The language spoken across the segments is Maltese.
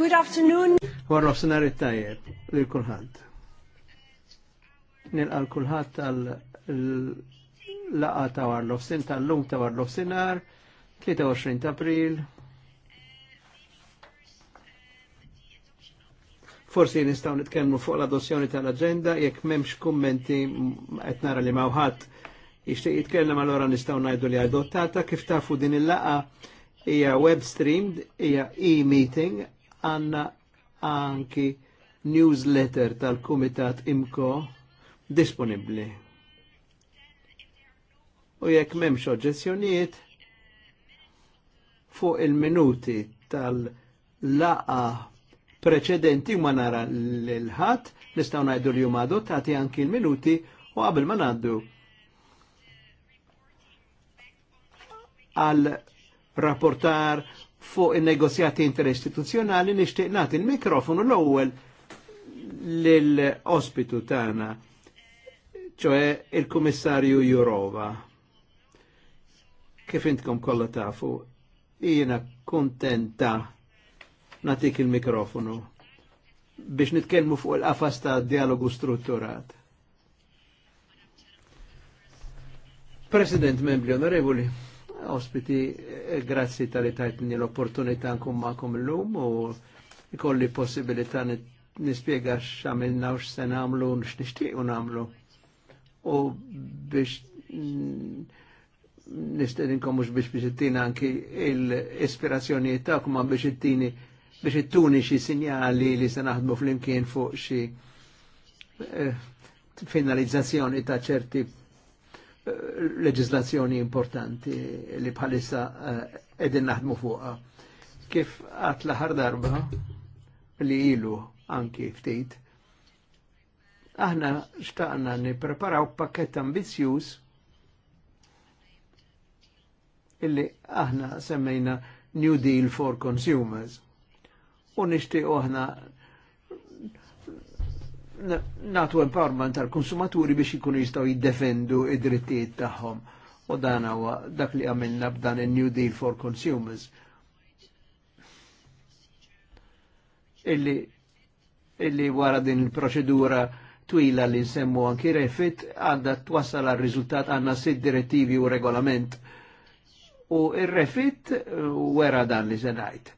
Good afternoon. Warlof senar it-tajjeb li kulħadd. Nilqal kulħadd għal laqa ta' Warlof sin tal-lum ta' Warlof sinar 23 ta' April. Forsi nistgħu nitkellmu fuq l-adozzjoni tal-aġenda jekk m'hemmx kummenti qed nara li mawħadd jixtieq jitkellem allura nistgħu ngħidu li adottata kif tafu din il-laqa hija web streamed, hija e-meeting għanna anki newsletter tal-Kumitat Imko disponibli. U jekk memx oġġezzjonijiet fuq il-minuti tal-laqa preċedenti ma nara l-ħat, nistaw najdu li jum adottati anki il-minuti u qabel ma naddu għal rapportar fuq il-negozjati interistituzjonali nixtieq nagħti il-mikrofonu l-ewwel lill-ospitu tagħna, ċoħe il-Kummissarju Jurova. Kif intkom kollha tafu, jiena kontenta natik il-mikrofonu biex nitkellmu fuq il-qafas ta' dialogu strutturat. President Membri Onorevoli, ospiti, eh, grazzi tal-li tajtni l-opportunità nkun ma'kom l-lum u ikolli possibilità nispiega x'għamilna u x'se nagħmlu u x'nixtiequ nagħmlu. U biex nistedinkom mhux biex biex ittina anki l-ispirazzjonijiet tagħkom ma biex ittini biex ittuni xi sinjali li se naħdmu flimkien fuq xi eh, finalizzazzjoni ta' ċerti Eh, leġizlazzjoni importanti li bħalissa eh, edin naħdmu fuqa. Kif għat laħar darba li ilu anki ftit, aħna xtaqna nipreparaw pakket ambizjuż illi aħna semmejna New Deal for Consumers. U nishtiq aħna natu empowerment tal-konsumaturi biex ikunu jistaw jiddefendu id-drittijiet tagħhom. U dan huwa dak li għamilna b'dan il-New Deal for Consumers. Illi, illi wara din il-proċedura twila li nsemmu anki refit għadda twassal għal riżultat għanna sid direttivi u regolament. U il-refit uh, wera dan li ngħid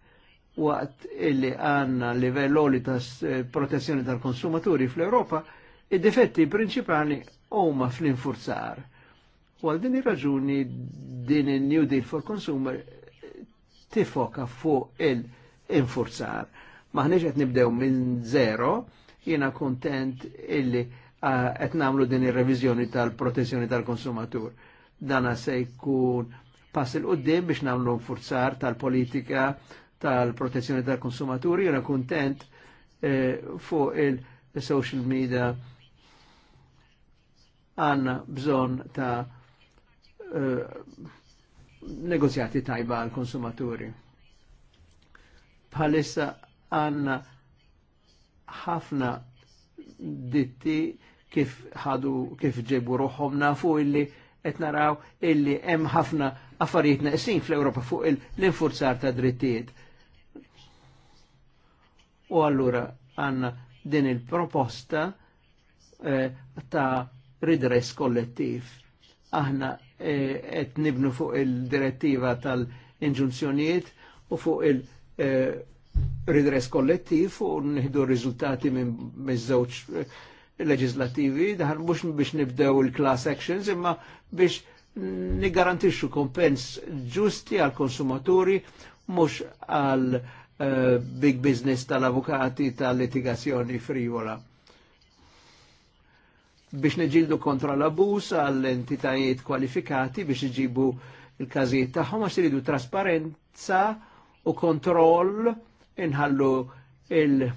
waqt illi għanna oli ta' eh, protezzjoni tal-konsumaturi fl-Europa, id-difetti principali huma fl-infurzar. U għal din ir-raġuni din il-New Deal for Consumer eh, tifoka fuq il-infurzar. Maħniġ qed nibdew minn zero, jiena kontent illi qed eh, nagħmlu din ir-reviżjoni tal-protezzjoni tal-konsumatur. Dana se jkun pass il-qoddim biex nagħmlu infurzar tal-politika tal-protezzjoni tal-konsumaturi, jena kontent eh, fuq il-social media għanna bżon ta' eh, negozjati tajba għal-konsumaturi. Bħalissa għanna ħafna ditti kif ħadu kif ġebu ruħom nafu illi qed naraw illi hemm ħafna affarijiet naqsin fl-Ewropa fuq l-infurzar ta' drittijiet U allura għanna din il-proposta eh, ta' ridress kollettiv. Aħna eh, qed eh, nibnu fuq il-direttiva tal-inġunzjonijiet u fuq il- eh, ridress kollettiv u nħidu riżultati minn żewġ eh, leġislativi, daħal mux biex nibdew il-class actions, imma biex nigarantixxu kompens ġusti għal konsumaturi mhux għal Eh, big business tal-avukati tal-litigazzjoni frivola. Biex neġildu kontra l-abus għall-entitajiet kwalifikati biex iġibu il-kazijiet tagħhom għax iridu trasparenza u kontroll inħallu il-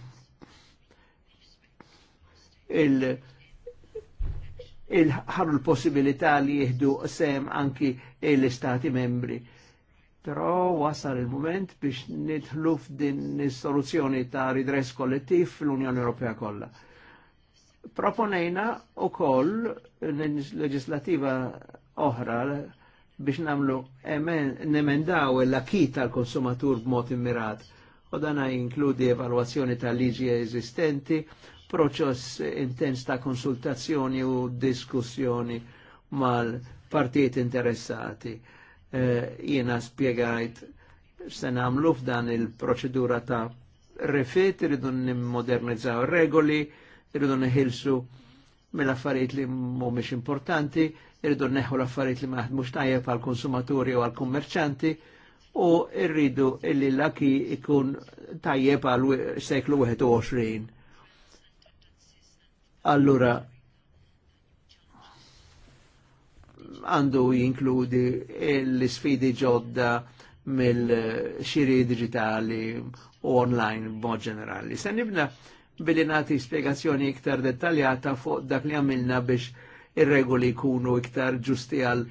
il- il-ħarru l-possibilità li jihdu sem anki l-istati membri Pero wasal il-moment biex nidħlu f'din is-soluzzjoni ta' ridress kollettiv fl-Unjoni Ewropea kollha. Proponejna u koll leġislativa oħra biex namlu nemendaw l-akit tal-konsumatur b'mod immirat. U dana jinkludi evalwazzjoni tal-liġi eżistenti, proċess intens ta' konsultazzjoni u diskussjoni mal-partijiet interessati Eh, jiena spiegajt se nagħmlu f'dan il-proċedura ta' refit, irridu nimmodernizzaw regoli, irridu neħilsu mill-affarijiet li mhumiex importanti, irridu neħu l-affarijiet li maħdmux tajjeb għal konsumaturi u għal kummerċanti u rridu illi l-laki ikun tajjeb għal seklu 21. Allura, għandu jinkludi l-sfidi ġodda mill-xiri digitali u online b'mod ġenerali. Se nibna billi nati spjegazzjoni iktar dettaljata fuq dak li għamilna biex ir-regoli jkunu iktar ġusti għal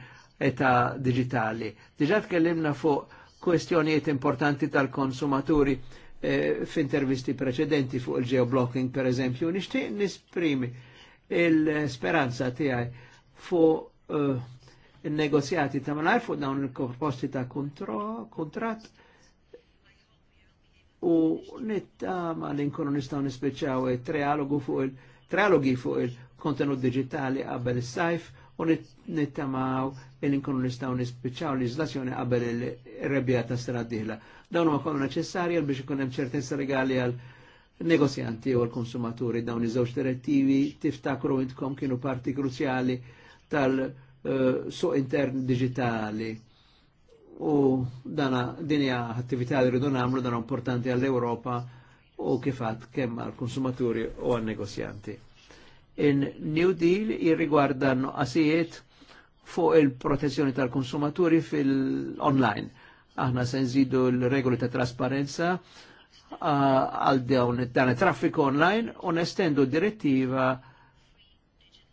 età digitali. Diġà tkellimna fuq kwestjonijiet importanti tal-konsumaturi eh, f'intervisti preċedenti fuq il-geoblocking per eżempju, nixtieq nisprimi il-speranza tiegħi fuq Eh, il-negozjati ta' malar fuq dawn il-posti ta' kontrat u nittama l nkunu nistaw nispeċaw trialogu fuq il-trialogi fuq il-kontenut digitali qabel il sajf u nittamaw li nkunu nistaw nispiċaw l-izlazzjoni qabel il-rebja ta' stradila. Dawn ma konu neċessarja biex ikun ċertezza regali għal negozjanti u l-konsumaturi dawn iż-żewġ direttivi tiftakru intkom kienu parti kruċjali tal-suq intern digitali u dana dinja attività li rridu namlu dana importanti għall-Europa u kifat kemm għal-konsumaturi u għal-negozjanti. In New Deal jirrigwarda noqqasijiet fuq il-protezzjoni tal-konsumaturi fil-online. Aħna se nżidu l-regoli ta' trasparenza għal dawn dan traffiku online u nestendu direttiva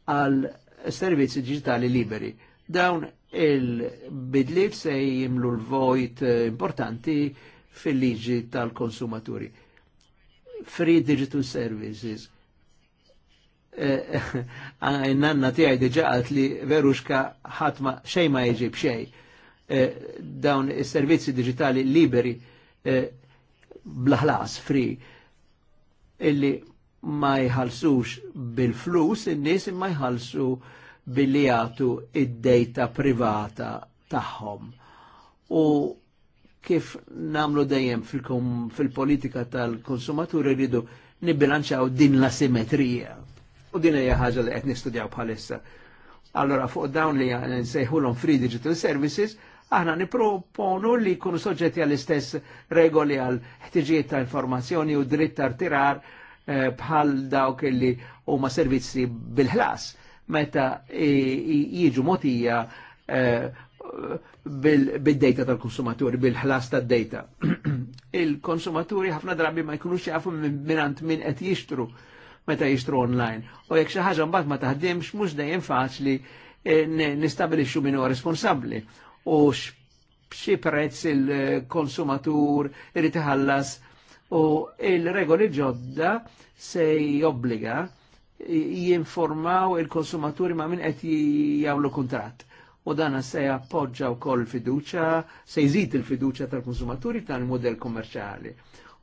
għal servizzi digitali liberi. Dawn il-bidliet se jimlu l-vojt eh, importanti fil-liġi tal-konsumaturi. Free Digital Services. Eh, nanna tiegħi diġa qalt li veruxka ħatma xej ma jġib xej. Eh, dawn il servizzi digitali liberi blaħlas free illi ma jħalsux bil-flus, in-nies imma jħalsu billi jagħtu id-dejta privata tagħhom. U kif namlu dejjem fil-politika fil politika tal konsumaturi rridu nibbilanċaw din la simetrija. U din hija ħaġa li qed nistudjaw bħalissa. Allora fuq dawn li nsejħulhom free digital services, aħna niproponu li jkunu soġġetti għall-istess regoli għal ħtiġijiet ta' informazzjoni u dritt tar tirar Eh, bħal dawk li huma servizzi bil-ħlas meta jiġu motija eh, bil-data tal-konsumaturi, bil-ħlas tad-data. Il-konsumaturi ħafna drabi ma jkunux jafu minant minn qed jixtru meta jixtru online. U jekk xi ħaġa mbagħad ma taħdimx mhux dejjem faċli eh, nistabilixxu min huwa responsabbli. U xi prezz il-konsumatur irid iħallas u il-regoli ġodda se jobbliga jinformaw il-konsumaturi ma' minn qed jgħamlu kuntratt. U dana se jappoġġa wkoll fiduċa, se jżid il-fiduċa tal-konsumaturi tal-modell kommerċali.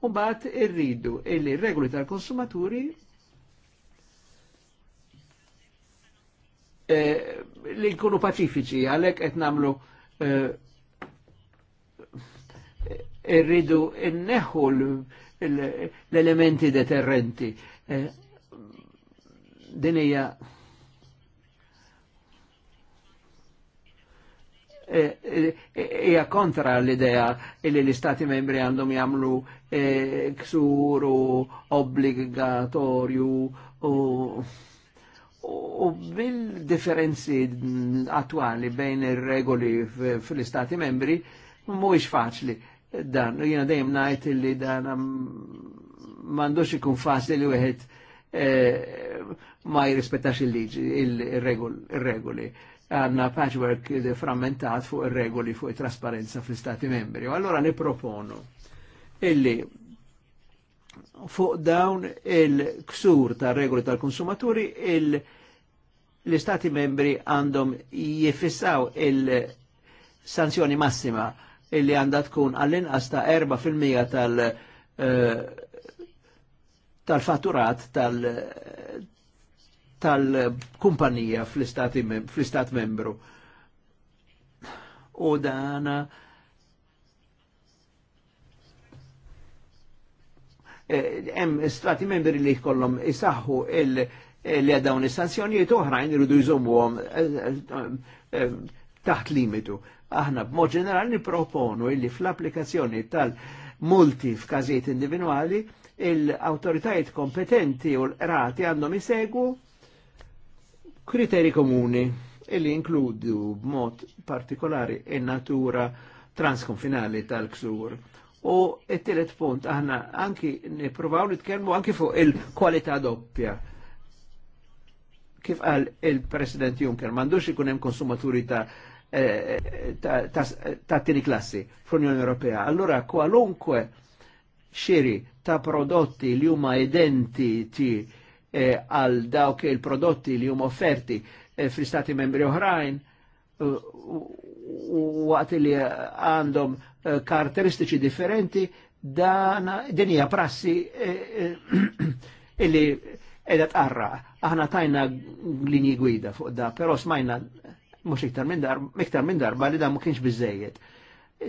U bat irridu il regoli tal-konsumaturi eh, li nkunu paċifiċi għalhekk qed nagħmlu eh, irridu inneħu l-elementi deterrenti. Eh, Dinija. Eh, Ija kontra l-idea li l-istati membri għandhom jagħmlu eh, ksuru obbligatorju u U bil-differenzi attuali bejn ir-regoli fl-Istati membri mu mhuwiex faċli dan, jena dejjem najt li dan um, mandux ikun faċli li wieħed eh, ma jirrispettax il-liġi, il-regoli. Għanna patchwork frammentat fuq il-regoli, fuq il-trasparenza fl-Stati membri. U allora niproponu illi fuq dawn il-ksur ta' regoli tal-konsumaturi l-Istati membri għandhom jifissaw il-sanzjoni massima illi għandha tkun għall-inqas ta' 4% tal- eh, tal-fatturat tal-kumpanija tal fl-istat membru. U dana eh, hemm e, stati membri li jkollhom isaħħu il li għadawn is-sanzjonijiet oħrajn iridu jżommuhom eh, taħt limitu. Aħna b'mod ġenerali niproponu illi fl-applikazzjoni tal-multi f'każijiet individwali il-autoritajiet kompetenti u l-rati għandhom isegwu kriteri komuni illi inkludu b'mod partikolari in-natura transkonfinali tal-ksur. U it-tielet punt aħna anki nippruvaw nitkellmu anki fuq il-kwalità doppja. Kif qal il-President Juncker, m'għandux ikun hemm konsumaturi ta' Eh, ta' tini klassi fl-Unjoni Ewropea. Allura kwalunkwe xiri ta' prodotti li huma identiti eh, għal dawk il-prodotti li huma offerti eh, fl-Stati membri oħrajn waqt li għandhom karakteristiċi differenti dana dinija prassi illi edha tqarra. Aħna tajna linji gwida fuq da, però smajna mux iktar minn darba, iktar minn darba li da ma kienx bizzejiet.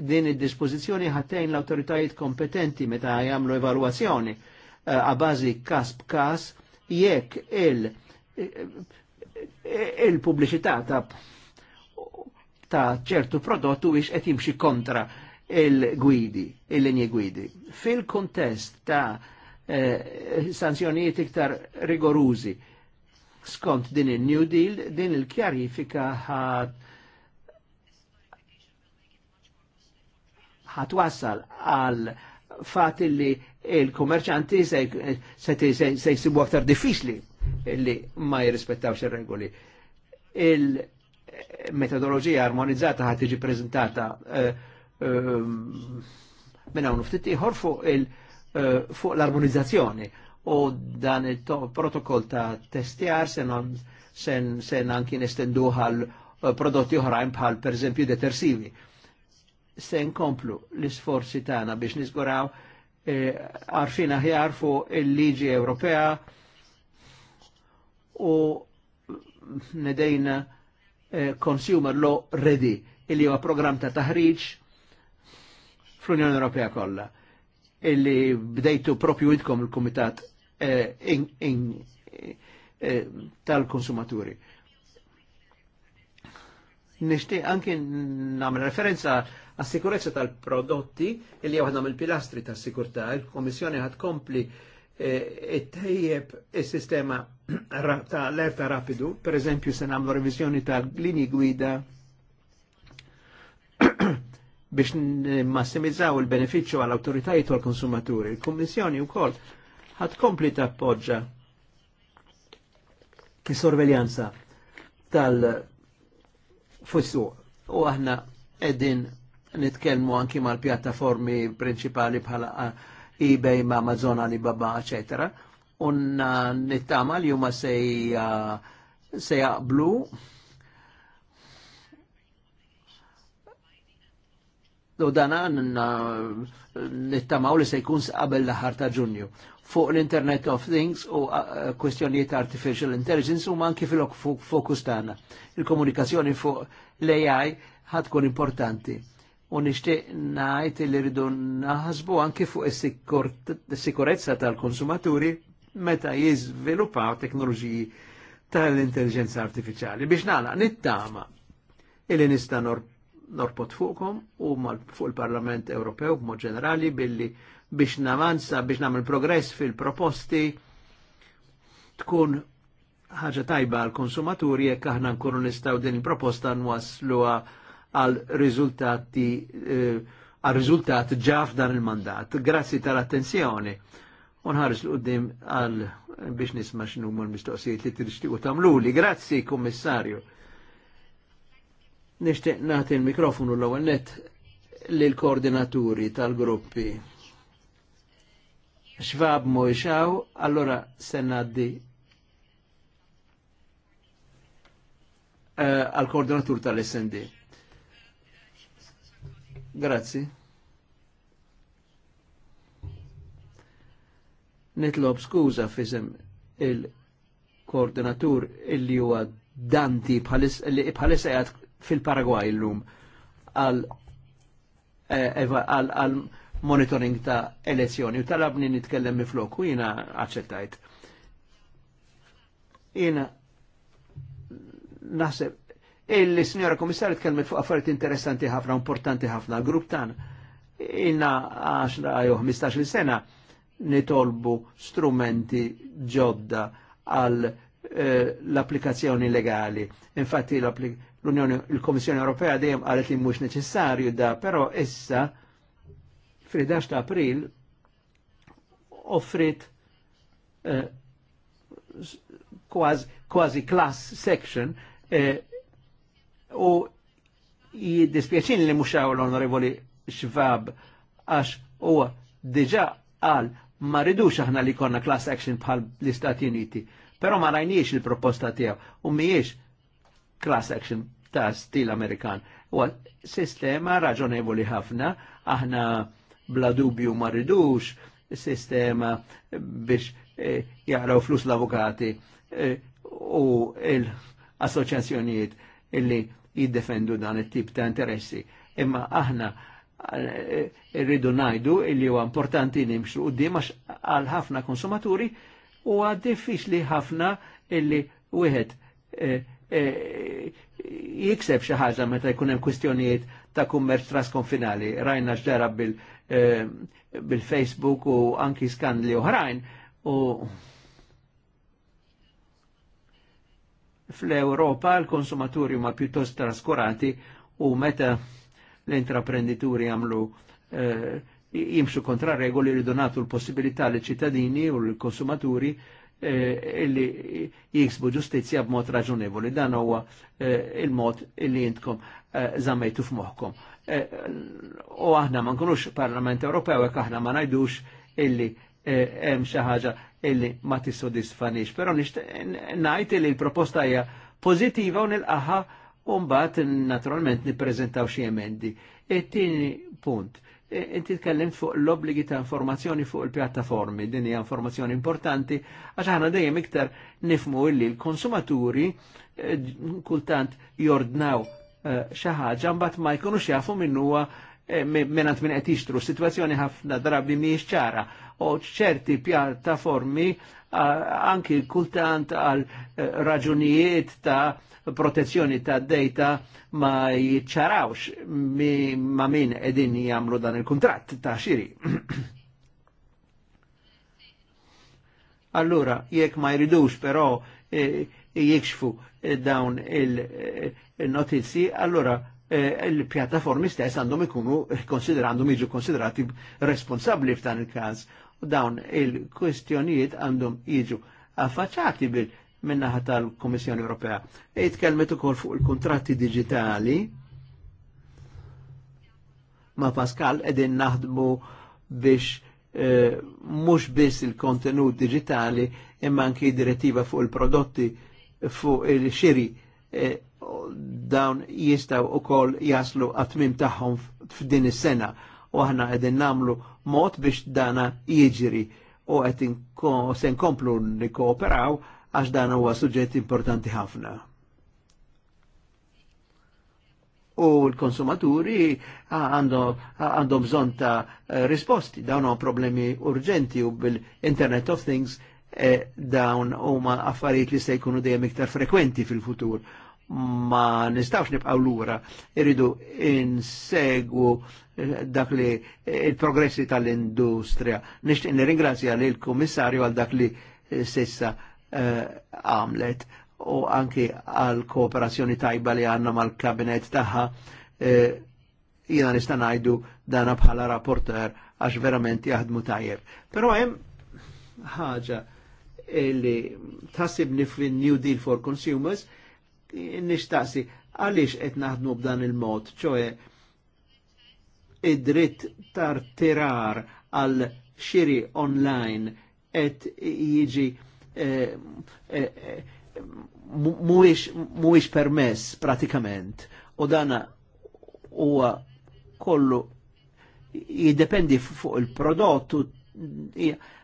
Din id dispozizjoni ħattejn l-autoritajiet kompetenti meta jagħmlu evalwazzjoni għabażi eh, kas b'kas jekk il- eh, il-pubbliċità ta' ta' ċertu prodott u qed jimxi kontra il-gwidi, il-linji gwidi. Fil-kontest ta' eh, sanzjonijiet iktar rigorużi, skont din il-New Deal, din il-kjarifika ħat ħat ħatwassal għal fat li il-kommerċanti se jisibu aktar diffiċli li ma jirrispettawx ir-regoli. Il-metodologija armonizzata ħat iġi prezentata eh, eh, minna hawn ftit eh, fuq l-armonizzazzjoni u dan il-protokoll ta' testjar sen, sen, sen anki nestenduħa l-prodotti eh, oħrajn bħal per eżempju detersivi. Sen komplu l-isforzi tagħna biex nisguraw għarfina eh, ħjar fu il-liġi Ewropea u nedejna eh, Consumer Law Ready illi huwa program ta' taħriġ fl-Unjoni Ewropea kollha illi bdejtu propju idkom il-Kumitat Eh, eh, tal-konsumaturi. Nishti anki namel referenza għas sikurezza tal-prodotti il illi għahna mill-pilastri tal-sikurta. Il-Komissjoni għad kompli eh, it-tejjeb il-sistema tal l-erta rapidu, per eżempju se namlu revizjoni tal-lini gwida biex massimizzaw il-beneficju għall-autoritajiet u għall-konsumaturi. il komissjoni u koll ħad kompli tappoġġa poġġa sorveljanza tal fussu u aħna edin nitkelmu anki mal-pjattaformi principali bħala eBay, ma Amazon, Alibaba, eccetera unna nittama li huma se jaqblu U dan nittamaw li se jkun qabel l ta' ġunju fuq l-Internet of Things u uh, uh, kwestjonijiet artificial intelligence u manki fil-fokus tagħna. Il-komunikazzjoni fuq l-AI ħad kun importanti. U nixtieq li rridu naħsbu anki fuq il sikurezza tal-konsumaturi meta jiżviluppaw teknoloġiji tal-intelligenza artificiali. Biex nagħlaq nittama illi nista' norpot fuqkom u fuq il-Parlament Ewropew b'mod ġenerali billi biex namanza biex namil progress fil-proposti tkun ħaġa tajba għal konsumaturi jekk aħna nkunu nistgħu din il-proposta nwasluha għal riżultati eh, għal riżultat ġaf dan il-mandat. Grazzi tal-attenzjoni. Unħares l-qoddim għal biex nisma xinu l mistoqsijiet li t tagħmluli, tamluli. Grazzi, kommissarju. Nishtiq nagħti l-mikrofonu l-ewwel nett lill-koordinaturi tal-gruppi xvab mojxaw, allora sennaddi eh, għal-koordinatur tal-SND. Grazzi. Nitlob skuza fizem il-koordinatur illi huwa Danti bħalis fil-Paragwaj l-lum għal eh, monitoring ta' elezzjoni u talabni nitkellem miflok u jina accettajt. Jina naħseb il-Signora komissar tkellmet fuq affarijiet interessanti ħafna, importanti ħafna, grupp tan. Inna 10 jew 15 sena nitolbu strumenti ġodda għal eh, l-applikazzjoni legali. Infatti l-Komissjoni Ewropea dejjem qalet li mhux neċessarju da, però issa fil-11 ta' april offrit eh, kważi class section eh, u jiddispieċin li muxaw l-onorevoli xvab għax u diġa għal ma ridux aħna li konna class action bħal l-Istati Uniti. Pero ma rajniex il-proposta tijaw u miex class action ta' stil Amerikan. U sistema raġonevoli ħafna, aħna bla dubju ma ridux sistema biex eh, jaraw flus l-avukati eh, u l-assoċjazzjonijiet illi jiddefendu dan it-tip ta' interessi. Imma aħna eh, rridu najdu illi huwa importanti nimxu u dimax għal ħafna konsumaturi u huwa diffiċli ħafna illi wieħed jikseb xi ħaġa meta jkun hemm kwistjonijiet ta' kummerċ trasconfinali. Rajna x'darab bil- Eh, bil-Facebook u anki skandli uħrajn. u fl-Europa l-konsumaturi ma pjuttost traskurati u meta l-intraprenditori għamlu eh, jimxu kontra regoli li donatu l-possibilità li ċittadini u l-konsumaturi Eh, illi jiksbu ġustizja b'mod raġunevoli. Dan huwa eh, il-mod illi jintkom eh, zamejtu f'moħkom. U aħna ma nkunux Parlament Ewropew hekk aħna ma ngħidux illi hemm xi ħaġa illi ma tissodisfanix. Però ngħid li l-proposta hija pożittiva u nilqaħħa u mbagħad naturalment nippreżentaw xi emendi. It-tieni e punt Eh, inti tkellimt fuq l-obbligi ta' informazzjoni fuq il-pjattaformi, din hija informazzjoni importanti, għax aħna dejjem iktar nifmu illi l-konsumaturi eh, kultant jordnaw eh, xi ħaġa mbagħad ma jkunux jafu minn huwa minnant minn qed jixtru. Sitwazzjoni ħafna drabi mhijiex ċara u ċerti pjattaformi anki kultant għal eh, raġunijiet ta' protezzjoni ta' data ma jitċarawx mi, ma min edin jamlu dan il-kontrat ta' xiri. allura, jekk ma jridux però eh, jikxfu eh, dawn il notizzi allora il-pjattaformi stess għandhom ikunu konsiderandhom jiġu konsiderati responsabli f'dan il-każ. U dawn il-kwestjonijiet għandhom jiġu affaċati bil minnaħa tal-Komissjoni Ewropea. Itkelmet ukoll fuq il-kontratti digitali. Ma Pascal edin naħdmu biex eh, mhux biss il-kontenut digitali imma anki direttiva fuq il-prodotti fuq il-xiri eh, dawn jistaw u kol jaslu għatmim taħħom f'din is-sena u aħna qegħdin namlu mod biex dana jiġri u għet se nkomplu nikooperaw għax dan huwa suġġett importanti ħafna. U l-konsumaturi għandhom bżon ta' risposti, dawn għu problemi urġenti u bil-Internet of Things dawn e, dawn huma affarijiet li se jkunu dejjem iktar frekwenti fil-futur ma nistawx nibqaw lura, irridu insegwu eh, dak li eh, il-progressi tal industria Nixtieq nirringrazzja li l-Kummissarju għal dak li eh, sissa għamlet u anki għal kooperazzjoni tajba li għanna mal-kabinet taħħa jina nista' ngħidu dana bħala rapporter għax verament jaħdmu tajjeb. Però hemm ħaġa li tasibni fin New Deal for Consumers nishtaqsi għaliex qed naħdmu b'dan il-mod, ċoe id-dritt tar-tirar għal xiri online qed jiġi eh, eh, eh, mhuwiex permess pratikament u dana huwa kollu jiddependi fuq il-prodott u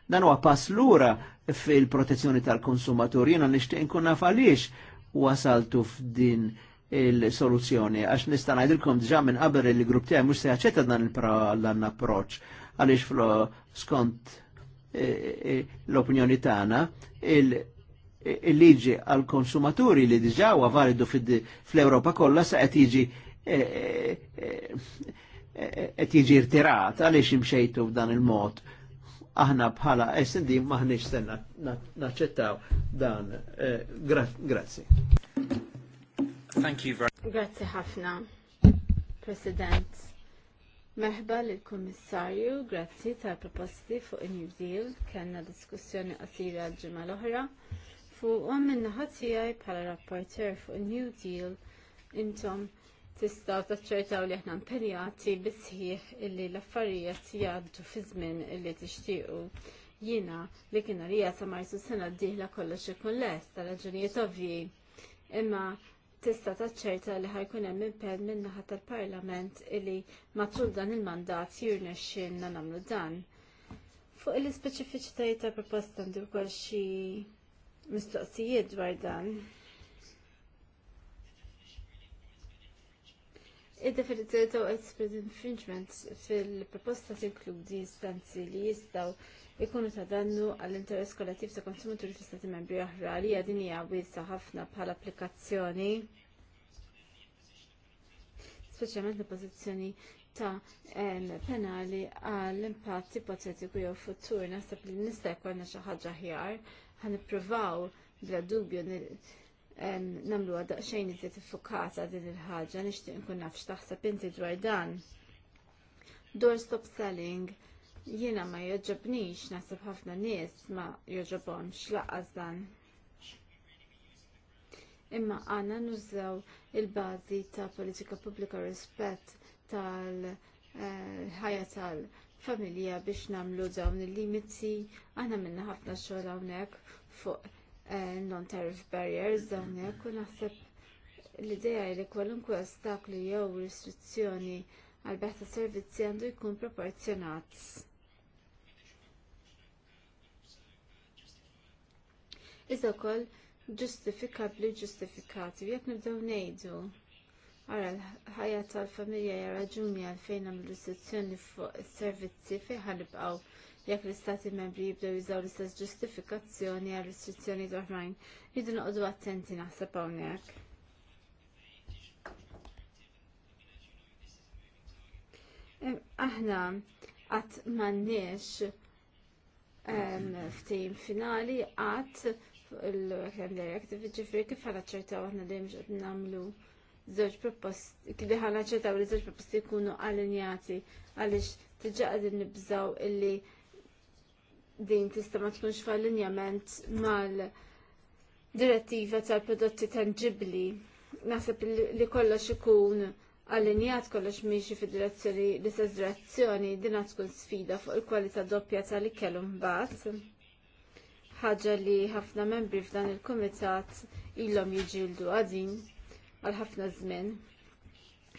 dan huwa pass lura fil-protezzjoni tal-konsumatur. Jiena nixtieq nkun naf għaliex wasaltu f'din il-soluzzjoni, għax nista' ngħidilkom diġà minn qabel il-grupp tijaj mhux se dan l-approċċ għaliex skont e, e, l-opinjoni tagħna il-liġi għal konsumaturi li diġà u validu fl-Ewropa kollha sa qed jiġi e, qed jiġi irtirat għaliex imxejtu f'dan il-mod aħna bħala SD maħniċ sen naċċettaw dan. Eh, grazzi. Thank you very Grazzi ħafna, President. Merħba l kummissarju grazzi tal proposti fuq il-New Deal, kena diskussjoni qasira l-ġimma l-oħra, fuq għom minna ħatijaj bħala rapporter fuq il-New Deal intom tistaw taċċertaw li aħna impenjati bisħieħ illi l-affarijiet jgħaddu fi żmien illi tixtiequ. Jiena li kien għalija sa marzu sena d-dieħla kollox ikun lest ta' raġunijiet ovvji. Imma tista' taċċerta li ħajkun hemm impenn min-naħa tal-Parlament illi matul dan il-mandat jirnexxinna nagħmlu dan. Fuq l-ispeċifiċitajiet ta' proposta għandu wkoll xi mistoqsijiet dwar dan. Id-definizjoni ta' widespread infringement fil-proposta tinkludi istanzi li jistaw ikunu ta' dannu għall-interess kollettiv ta' konsumaturi fi stati membri oħra li għadin hija wiesa ħafna bħala applikazzjoni. Speċjalment l-pożizzjoni ta' penali għall impatt ipotetiku jew futur naħseb li nista' jkollna xi ħaġa ħjar ħanippruvaw bla dubju namlu għadda xejn li t-fukata din il-ħagġa, nishtiq nkun nafx taħseb inti dwar dan. Door stop selling, jiena ma joġobnix, nasib ħafna nies ma joġobonx laqqas dan. Imma għanna nużaw il-bazi ta' politika pubblika rispett tal-ħajja eh, tal-familja biex namlu dawn il-limiti, għanna minna ħafna xogħol hawnhekk fuq Eh, non-tariff barriers dawn hekk u naħseb l-idea li kwalunkwe ostakli jew restrizzjoni għal beħ ta' servizzi għandu jkun proporzjonat. Iżda wkoll ġustifikabbli ġustifikati jekk nibdew ngħidu Ara l-ħajja tal-familja hija raġuni għalfejn għamlu restrizzjoni fuq is-servizzi fejn ħanibqgħu jekk l-istati membri jibdew jużaw l-istess ġustifikazzjoni għal restrizzjoni oħrajn. Jidu noqogħdu attenti naħseb hawnhekk. Aħna qatt m'għandniex ftehim finali qatt il-Workland ġifri kif ħanaċċertaw aħna dejjem x'qed nagħmlu żewġ proposti, kif ħanaċċertaw li żewġ proposti jkunu allinjati għaliex diġa għadin nibżaw illi din tista' ma tkunx f'allinjament mal-direttiva tal-prodotti tangibbli. Naħseb li kollox ikun allinjat kollox miexi fi direzzjoni li sa direzzjoni dina tkun sfida fuq il-kwalità doppja tal-ikel mbagħad. Ħaġa li ħafna membri f'dan il-kumitat ilhom jiġildu għadin għal ħafna żmien.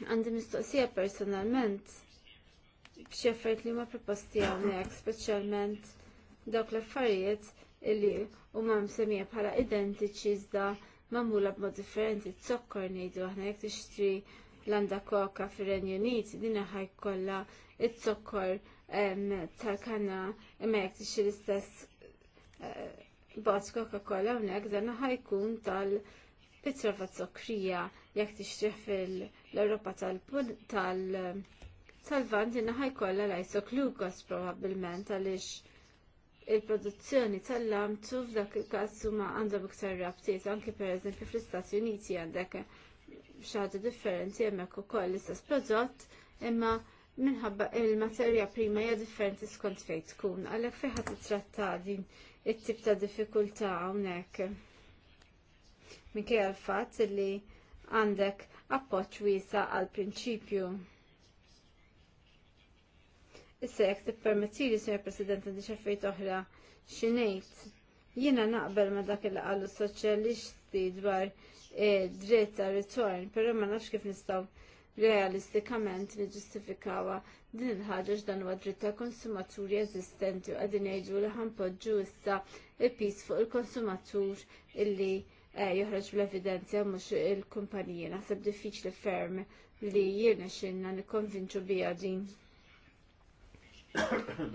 Għandi mistoqsija personalment b'xi li ma proposti hawnhekk speċjalment dawk l-affarijiet illi huma msemmija bħala identiċi iżda magħmula b'mod differenti t-sokkor ngħidu aħna jekk tixtri landa koka fir-Renju Unit din ħaj kollha t-sokkor tal-kanna imma jekk tixtri l-istess eh, bot koka cola hawnhekk dan ħajkun tal- bit-trova sokrija jekk tixtrih fil-Europa tal-Vant inna ħajkolla lajso glukos probabbilment għaliex il-produzzjoni tal-lamtu f'dak il-każ huma għandhom iktar rabtiet anke pereżempju fl-Istati Uniti għandek xaġa differenti hemmhekk ukoll l-istess prodott imma minħabba il-materja prima hija differenti skont fejn tkun għalhekk fejn titratta din it-tip ta' diffikultà hawnhekk. Minkejja l-fatt li għandek appoġġ wiesa għall prinċipju Issa jek tippermettili, sir President, għandi xaffejt oħra xinejt. Jiena naqbel ma dak il qalu soċjalisti dwar eh, dritt għal ritorn, però ma nafx kif nistgħu realistikament ġustifikawa din il-ħaġa x'dan huwa dritt ta' konsumaturi eżistenti u qegħdin jgħidu li ħanpoġġu issa il-pis fuq il-konsumatur illi eh, joħroġ bl-evidenzja mhux il-kumpaniji. Naħseb diffiċli ferm li jiena xinna nikkonvinċu bija din.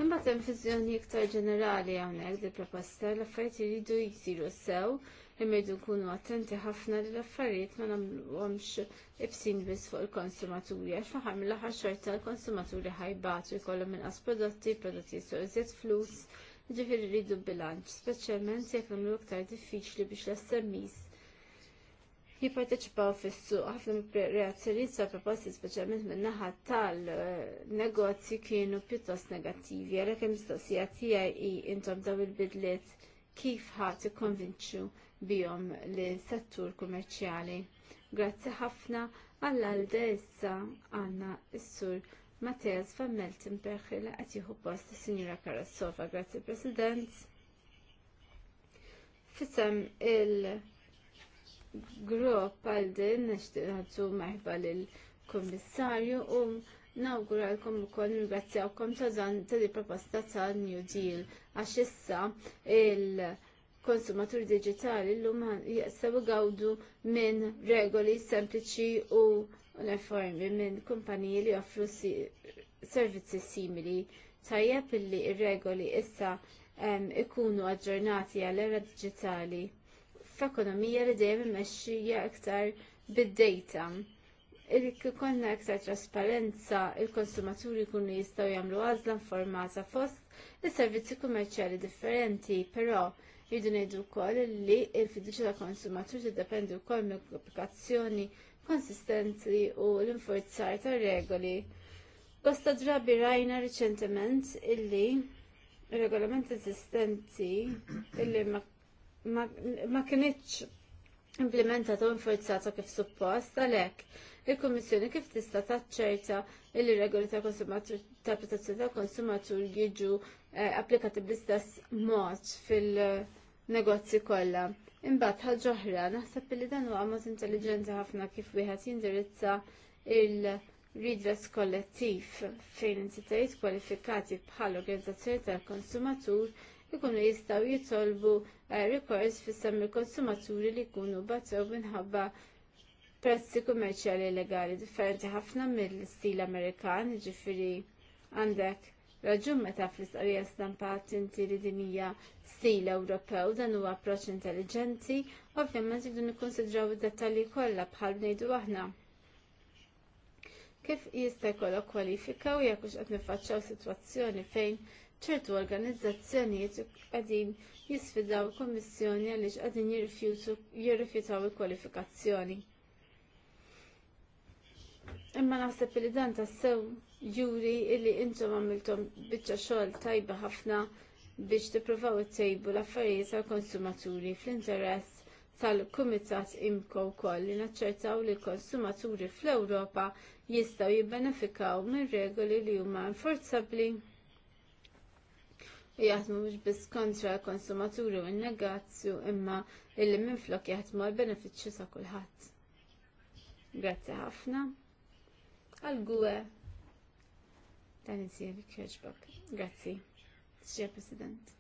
Imbagħad hemm viżjoni iktar ġenerali hawnhekk di proposta l-affarijiet iridu jsiru sew imma nkunu attenti ħafna li l-affarijiet ma nagħmluhomx ibsin biss fuq il-konsumaturi għax aħħar mill-aħħar xorta l-konsumaturi ħajbatu jkollhom inqas prodotti, prodotti jistgħu iżjed flus, ġifieri rridu bilanċ, speċjalment jekk nagħmlu iktar diffiċli biex l-SMEs jipparteċipaw fis-suq ħafna reazzjonijiet sa proposti speċjalment min-naħa tal-negozji kienu pjuttost negattivi għalhekk il-mistoqsija tiegħi hi intom daw il-bidliet kif ħadd ikkonvinċu bihom li settur kummerċjali. Grazzi ħafna għall għalde għandna s-sur Matteas van Meltenberg li qed jieħu post is-Sinjura Karrasova, Grazzi President. Fisem il- grupp għal din nixtieq nħadsu merħba lil kummissarju u nawguralkom ukoll nirgrazzjawkom ta' dan tal proposta ta' New Deal għax issa il-konsumatur diġitali llum jessabu gawdu minn regoli sempliċi u uniformi minn kumpaniji li joffru servizzi simili tajjeb illi ir-regoli issa ikunu aġġornati għall-era diġitali f'ekonomija li dejjem imexxija iktar bid-dejta. Illi konna iktar trasparenza, il-konsumaturi jkunu jistgħu jagħmlu għażla informata fost is-servizzi kummerċjali differenti, però jridu ngħidu wkoll li l-fiduċja tal konsumatur tiddependi wkoll mill-applikazzjoni konsistenti u l-infurzar tar regoli. Bosta drabi rajna riċentement illi regolamenti esistenti illi ma ma kienieċ implementata u infurzata kif suppost, għalhekk il-Kummissjoni kif tista' taċċerta li regoli ta' konsumatur ta' protezzjoni ta' konsumatur jiġu eh, applikati bl-istess mod fil-negozji kollha. Imbagħad ħaġa oħra, naħseb li dan huwa mod intelligenti ħafna kif wieħed jindirizza il-redress kollettiv fejn entitajiet kwalifikati bħal organizzazzjoni tal-konsumatur ikunu jistgħu jitolbu eh, rikors fissam il-konsumaturi li jkunu batew minħabba prezzi kummerċjali legali differenti ħafna mill-istil Amerikan, ġifiri għandek raġun meta fl-istqarrija stampat inti li din hija stil Ewropew dan huwa approċċ intelligenti, ovvjament irdu nikkonsidraw id-dettalji kollha bħal ngħidu aħna kif jista' jkollok kwalifika u jekk hux qed nifaċċaw sitwazzjoni fejn ċertu organizzazzjonijiet qegħdin jisfidaw il-Kommissjoni għaliex qegħdin jirrifjutaw il-kwalifikazzjoni. Imma naħseb li dan tassew juri illi intom għamiltom biċċa xogħol tajba ħafna biex tippruvaw ittejbu l-affarijiet għall konsumaturi fl-interess tal-Kumitat Imko wkoll li naċċertaw li l-konsumaturi fl-Ewropa jistgħu jibbenefikaw minn regoli li huma enforzabbli jaħdmu mhux biss kontra l-konsumaturi u n-negazju imma illi minflok jaħdmu għal benefiċċju sa' kulħadd. Grazzi ħafna. Għal gwe dan insiemi kħeġbok. Grazzi. Sġie President.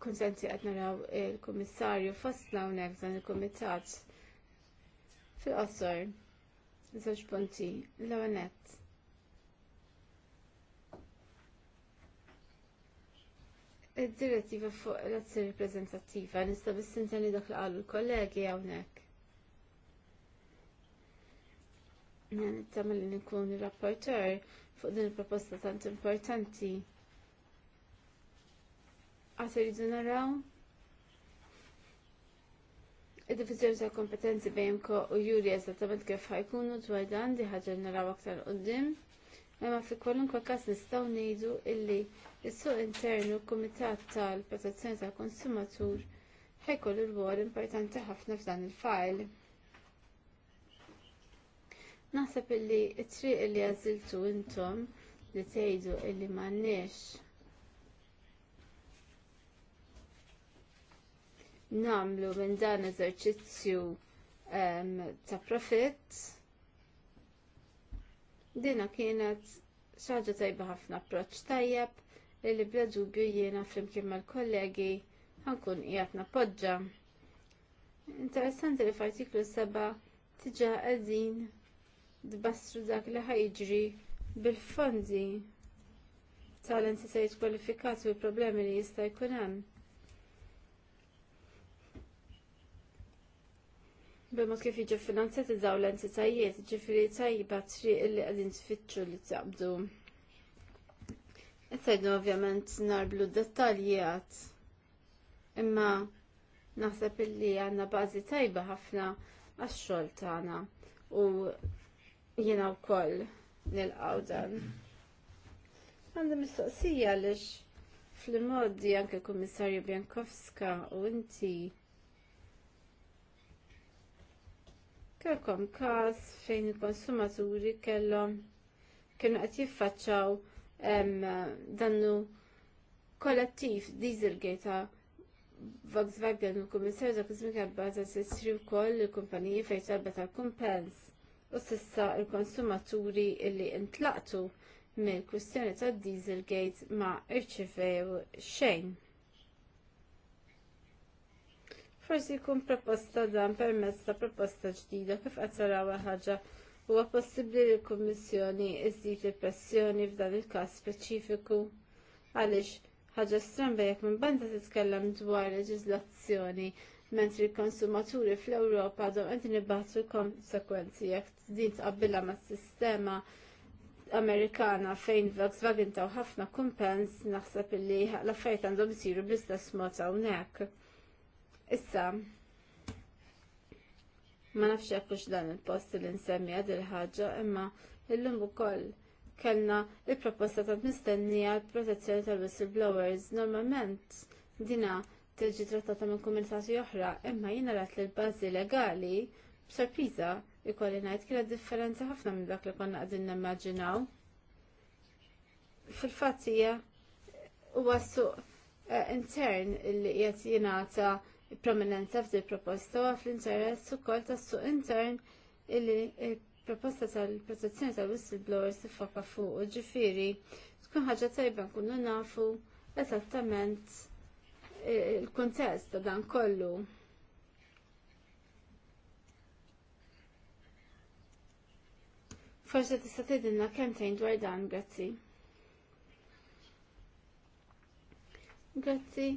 Konsenti għad naraw il-Komissarju fostna u nefżan il-Komitat fil-qosor. Zoċ punti, l-għanet id-direttiva fuq l-azzjoni reprezentativa, nista' biss inteni dak li qalu l-kollegi hawnhekk. Jan it li nkun rapporter fuq din il-proposta tant importanti. Għat iridu naraw id-divizjoni ta' kompetenzi ko u juri eżattament kif ħajkunu dwar dan di ħaġa naraw aktar qudiem. Imma fi kwalunkwe każ nistgħu ngħidu illi Is-suq internu l-Kumitat tal-Protezzjoni tal-Konsumatur ħejkollu rwol importanti ħafna f'dan il-fajl. Naħseb illi t triq li għażiltu intom li tgħidu illi m'għandniex nagħmlu minn dan eżerċizzju ehm, ta' profitt dina kienet xaġa tajba ħafna approċċ tajjeb li bla dubju jiena flimkien mal-kollegi ħankun qiegħed nappoġġa. Interessanti li f'artiklu 7 tiġa qegħdin dbastru dak li ħajġri bil-fondi tal-entitajiet kwalifikati u l-problemi li jista' jkun hemm. Bimma kif jiġi finanzjati dawn l-entitajiet, ġifieri tajba triq li qegħdin tfittxu li taqbdu. Ittednu ovvjament narblu d-dettaljiet, Imma naħseb illi għanna bażi tajba ħafna għax-xogħol tagħna u jiena wkoll nilqgħu dan. Għandi mistoqsija għaliex fl-modi anke kummissarju Bjankowska u inti kelkom każ fejn il-konsumaturi kellhom kienu qed jiffaċċaw dannu kollettiv Dieselgate Volkswagen u l da dak iż-żmien kien bbaża s wkoll il-kumpaniji fejn talbet tal-kumpens u s'issa l-konsumaturi li ntlaqtu mill-kwistjoni tad-Dieselgate ma irċivew xejn. Forsi jkun proposta dan permezz ta' proposta ġdida kif qed taraw ħaġa Huwa possibbli li l-Kummissjoni iżid il-pressjoni f'dan il-każ speċifiku għaliex ħaġa stramba jekk minn banda titkellem dwar leġiżlazzjoni mentri l-konsumaturi fl-Ewropa għadhom qed nibgħatu konsekwenzi jekk din tqabbilha mas-sistema Amerikana fejn Volkswagen taw ħafna kumpens naħseb illi l-affarijiet għandhom isiru bl-istess mod hawnhekk. Issa, Ma nafx jekkux dan il-post li nsemmi għad il-ħagġa imma u ukoll kellna il-proposta ta' mistennija protezzjoni tal-whistleblowers. Normalment dina tiġi trattata minn kumitati oħra imma jiena rat li l-bażi legali b'sorpriża ikolli ngħid kienet differenza ħafna minn dak li konna qegħdin nimmaġinaw. Fil-fatt hija huwa suq eh, intern li qiegħed jingħata prominenza f'dil proposta u fl-interess ukoll tas-suq intern illi il-proposta tal-protezzjoni tal-whistleblowers tifoka fuq u ġifiri tkun ħaġa tajba nkunu nafu eżattament il-kuntest ta' dan kollu. Forse tista' tgħidilna kemm tgħin dwar dan, grazzi. Grazzi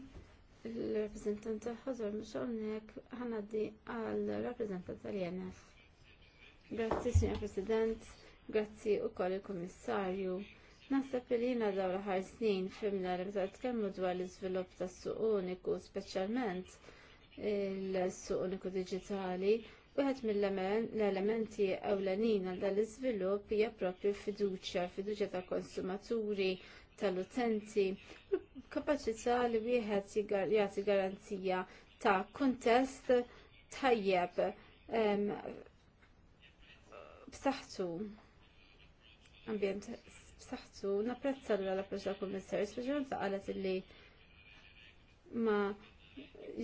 l-rappresentant ħazor mux għonek ħanaddi għal-rappresentant tal-INF. Grazzi, signor President, grazzi u koll il-Komissarju. Nasab li jina daw l-ħar snin fimna li meta dwar l-iżvilupp tas-suq uniku, speċjalment il-suq uniku digitali, Wieħed mill-elementi ewlenin għal dan l-iżvilupp hija proprju fiduċja, fiduċja tal-konsumaturi, tal-utenti u l-kapaċità li wieħed jagħti garanzija ta' kuntest tajjeb b'saħħtu ambjent b'saħħtu napprezza l l-approċċ tal-Kummissarju speċjalment qalet illi ma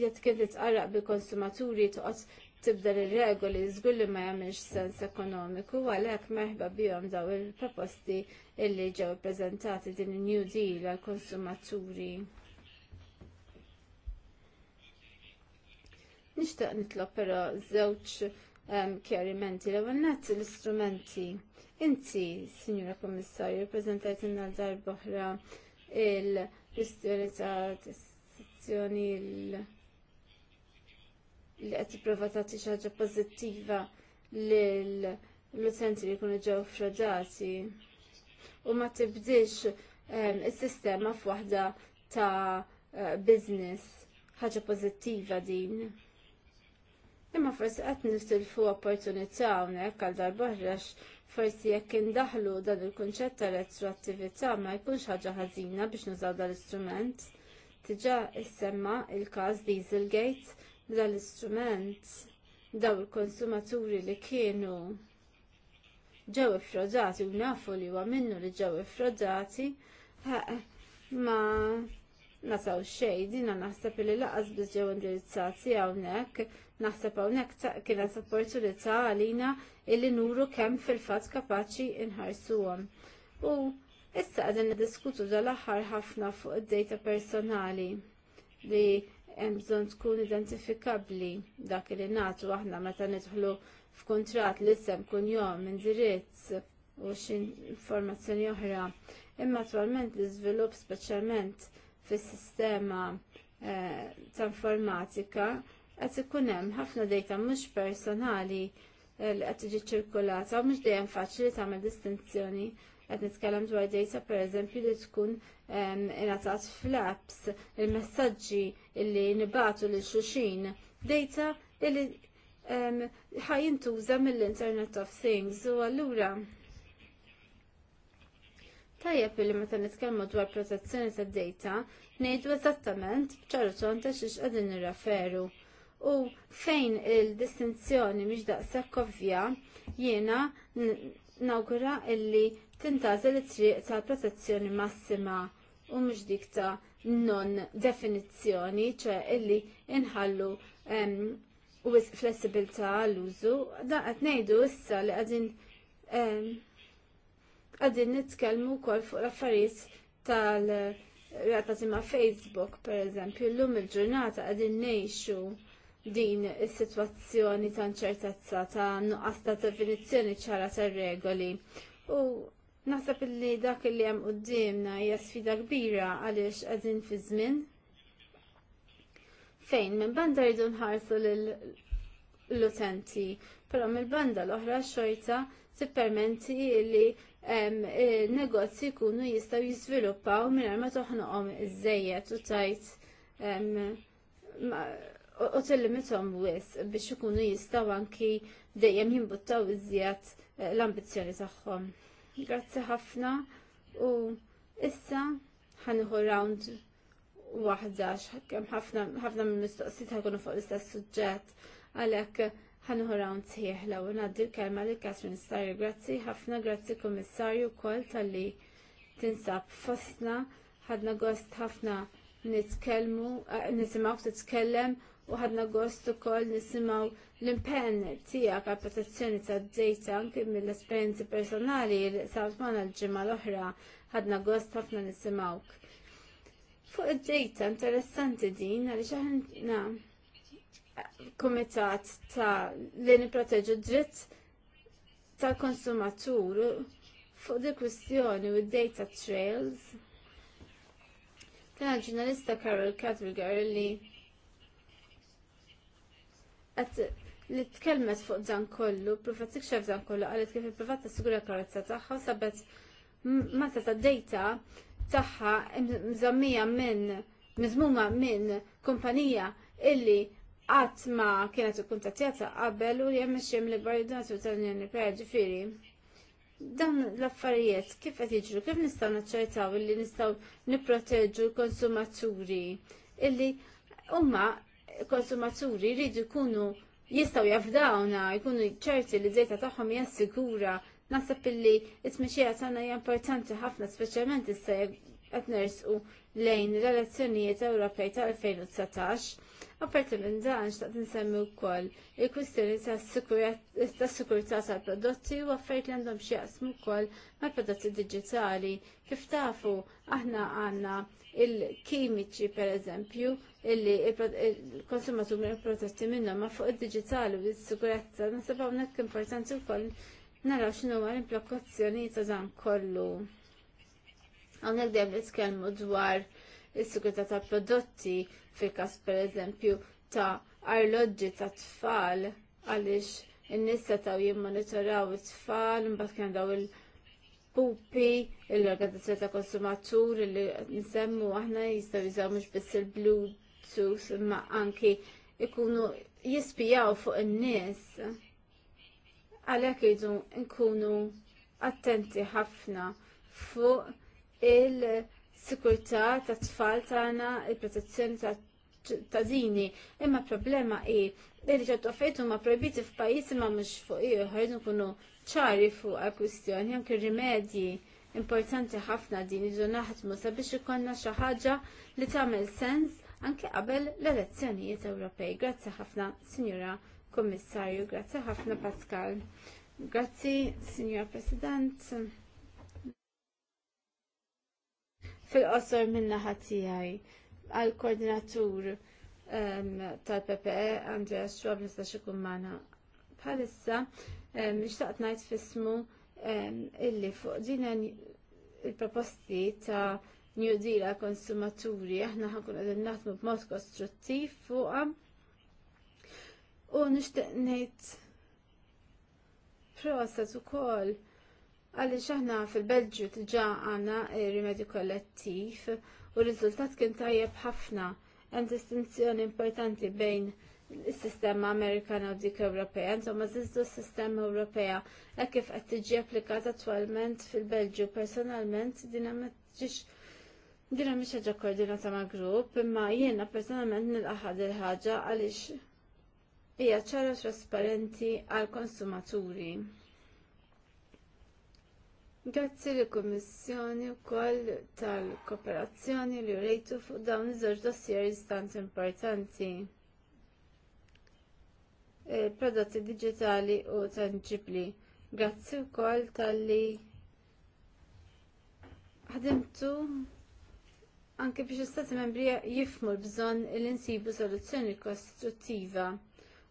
jekk kien titqarraq bil-konsumaturi toqgħod tibdel ir-regoli żgur ma jagħmilx sens ekonomiku għalhekk merħba bihom daw il-proposti illi ġew ippreżentati din il-New Deal għall konsumaturi Nixtaq nitlob però żewġ ehm, kjarimenti li ewwel l-istrumenti. Inti, Sinjura Kommissarju, preżentajt inna l-darba oħra il-istjoni ta' testazzjoni l-, -l, -l, -l, li qed jipprova tagħti xi ħaġa pożittiva lill-utenti li jkunu ġew frodati u ma tibdilx ehm, is-sistema f'waħda ta' eh, business ħaġa pożittiva din. Imma forsi qed niftilfu opportunità hawnhekk għal darbohrax forsi jekk indaħlu dan il-kunċett ta' retroattività ma jkunx ħaġa ħażina biex nużaw dan l-istrument. Diġà issemma il-każ Dieselgate bla l-istrument daw il-konsumaturi li kienu ġew ifrodati u nafu li huwa minnu li ġew ifrodati ma nasaw xej dina naħseb li laqas biex ġew indirizzati hawnhekk naħseb hawnhekk kienet opportunità għalina illi nuru kemm fil-fatt kapaċi inħarsuhom. U issa qegħdin niddiskutu dal-aħħar ħafna fuq id-data personali li hemm bżonn tkun identifikabbli dak li nagħtu aħna meta nidħlu f'kuntratt li sem kun jom indirizz u xi informazzjoni oħra. Imma attwalment l-iżvilupp speċjalment fis-sistema eh, ta' informatika qed ikun hemm ħafna dejta mhux personali eh, li qed tiġi ċirkulata u mhux dejjem faċli tagħmel distinzjoni qed nitkellem dwar dejta pereżempju li tkun eh, ingħatat flaps il-messaġġi illi nibatu lil xuxin data illi ħajintuża mill-Internet of Things u allura Tajjeb illi meta nitkellmu dwar protezzjoni tad-data, ngħidu eżattament b'ċarċon tonta xiex qegħdin nirreferu. U fejn il-distinzjoni mhix daqshekk ovvja, jiena nawgura illi tintażel it-triq tal protezzjoni massima u mhux dik ta' non definizzjoni, ċe illi inħallu u flessibilta għall-użu, da qed ngħidu issa li qegħdin għadin nitkellmu wkoll fuq l-affarijiet tal-relatati ma' Facebook, per eżempju, llum il-ġurnata qegħdin ngħixu din is-sitwazzjoni ta' nċertezza ta' nuqqas ta' definizzjoni ċara tar regoli. U Naħseb illi dak li hemm qudiemna hija sfida kbira għaliex qegħdin fi żmien fejn minn banda rridu nħarsu l-utenti, però mill banda l-oħra xorta tippermenti li negozji jkunu jistgħu jiżviluppaw mingħajr ma toħnoqhom iż u tajt u tillimithom wisq biex ikunu jistgħu anki dejjem jimbuttaw iżjed eh, l-ambizzjoni tagħhom. Grazzi ħafna u issa ħanħu round waħda x'kemm ħafna ħafna mill-mistoqsijiet ħakunu fuq l-istess suġġett għalhekk ħanħu round sħiħ l ngħaddi l-kelma lil Katrin Starju. Grazzi ħafna, grazzi Kummissarju wkoll tal-li tinsab fostna ħadna gost ħafna nitkellmu eh, nisimgħu titkellem u ħadna gost ukoll nisimgħu l-impenn tiegħek għal protezzjoni tad-dejta anke mill-esperjenzi personali li sawt magħna l-ġimgħa l-oħra ħadna gost ħafna nisimgħuk. Fuq id-dejta interessanti din għaliex aħna kumitat ta' li nipproteġu dritt tal-konsumatur fuq di kwistjoni u data trails. Kena ġurnalista Carol Cadwiger li għat li tkellmet fuq dan kollu, provat tikxef dan kollu, għalet kif il-provat tassigura karozza tagħha u sabet mata ta' dejta tagħha mżammija minn miżmuma minn kumpanija illi qatt ma kienet ikkuntattjata qabel u li hemm li li barjidnatu tal njeni Europea ġifieri. Dan l-affarijiet kif qed jiġru, kif nistgħu naċċertaw illi nistgħu nipproteġu l-konsumaturi illi huma konsumaturi jridu jkunu jistaw jafdawna, jkunu ċerti li d-data tagħhom hija Nasab illi it-tmexxija tagħna hija importanti ħafna speċjalment issa qed nersqu lejn l-elezzjonijiet Ewropej tal-2019 Apparti minn dan, xtaqt nsemmi wkoll il-kwistjoni tas sikurta tal-prodotti u affarijiet li għandhom xieqsmu u wkoll mal-prodotti diġitali. Kif tafu aħna għandna il-kimiċi pereżempju illi il minn protetti minnhom ma fuq id-diġitali u s-sikurezza nasabaw hawnhekk importanti wkoll naraw xinu l implokazzjoni ta' dan kollu. Għandek dejjem nitkellmu dwar is-sigurtà ta' prodotti fil per pereżempju ta' arloġġi ta' tfal għaliex in-nies setgħu jimmonitoraw it-tfal mbagħad kien daw il-pupi l-organizzazzjoni ta' konsumatur li nsemmu aħna jistgħu jużaw mhux biss il-Bluetooth imma anki ikunu jispijaw fuq in-nies. Għalhekk jridu nkunu attenti ħafna fuq il- sikurtà tat tfal tagħna, il-protezzjoni ta' ċittadini. Imma problema hi li ċertu affarijiet huma projbiti f'pajjiż imma mhux fuq ieħor nkunu ċari fuq għal-kwistjoni anke rimedji importanti ħafna din iġu naħdmu sabiex ikonna xi ħaġa li tagħmel sens anke qabel l-elezzjonijiet Ewropej. Grazzi ħafna, Sinjura Kommissarju, grazzi ħafna Pascal. Grazzi, Signor President. fil-qosor minna ħatijaj tiegħi għall koordinatur ehm, tal-PPE Andrea Schwab nista' xikun magħna bħalissa ehm, nixtaqt ngħid fismu ehm, illi fuq din il-proposti ta' New Deal għal konsumaturi aħna ħankun qegħdin naħdmu b'mod kostruttiv fuqha u nixtieq ngħid prosa ukoll għaliex aħna fil-Belġju diġà għandna rimedju kollettiv u r-riżultat kien tajjeb ħafna hemm distinzjoni importanti bejn is-sistema Amerikana u dik Ewropea, insomma żiżdu s-sistema Ewropea għal kif qed tiġi applikata attwalment fil-Belġju personalment din ġiex dina mhix ħaġa koordinata ma' grupp, imma jiena personalment ħad il-ħaġa għaliex hija ċara trasparenti għall konsumaturi. Grazzi li kummissjoni wkoll tal-kooperazzjoni li rejtu fuq dawn iż-żewġ dossier tant importanti. Prodotti digitali u tangibli. Grazzi wkoll tal-li ħadimtu anke biex l-Stati membri jifmu l-bżon l-insibu soluzzjoni kostruttiva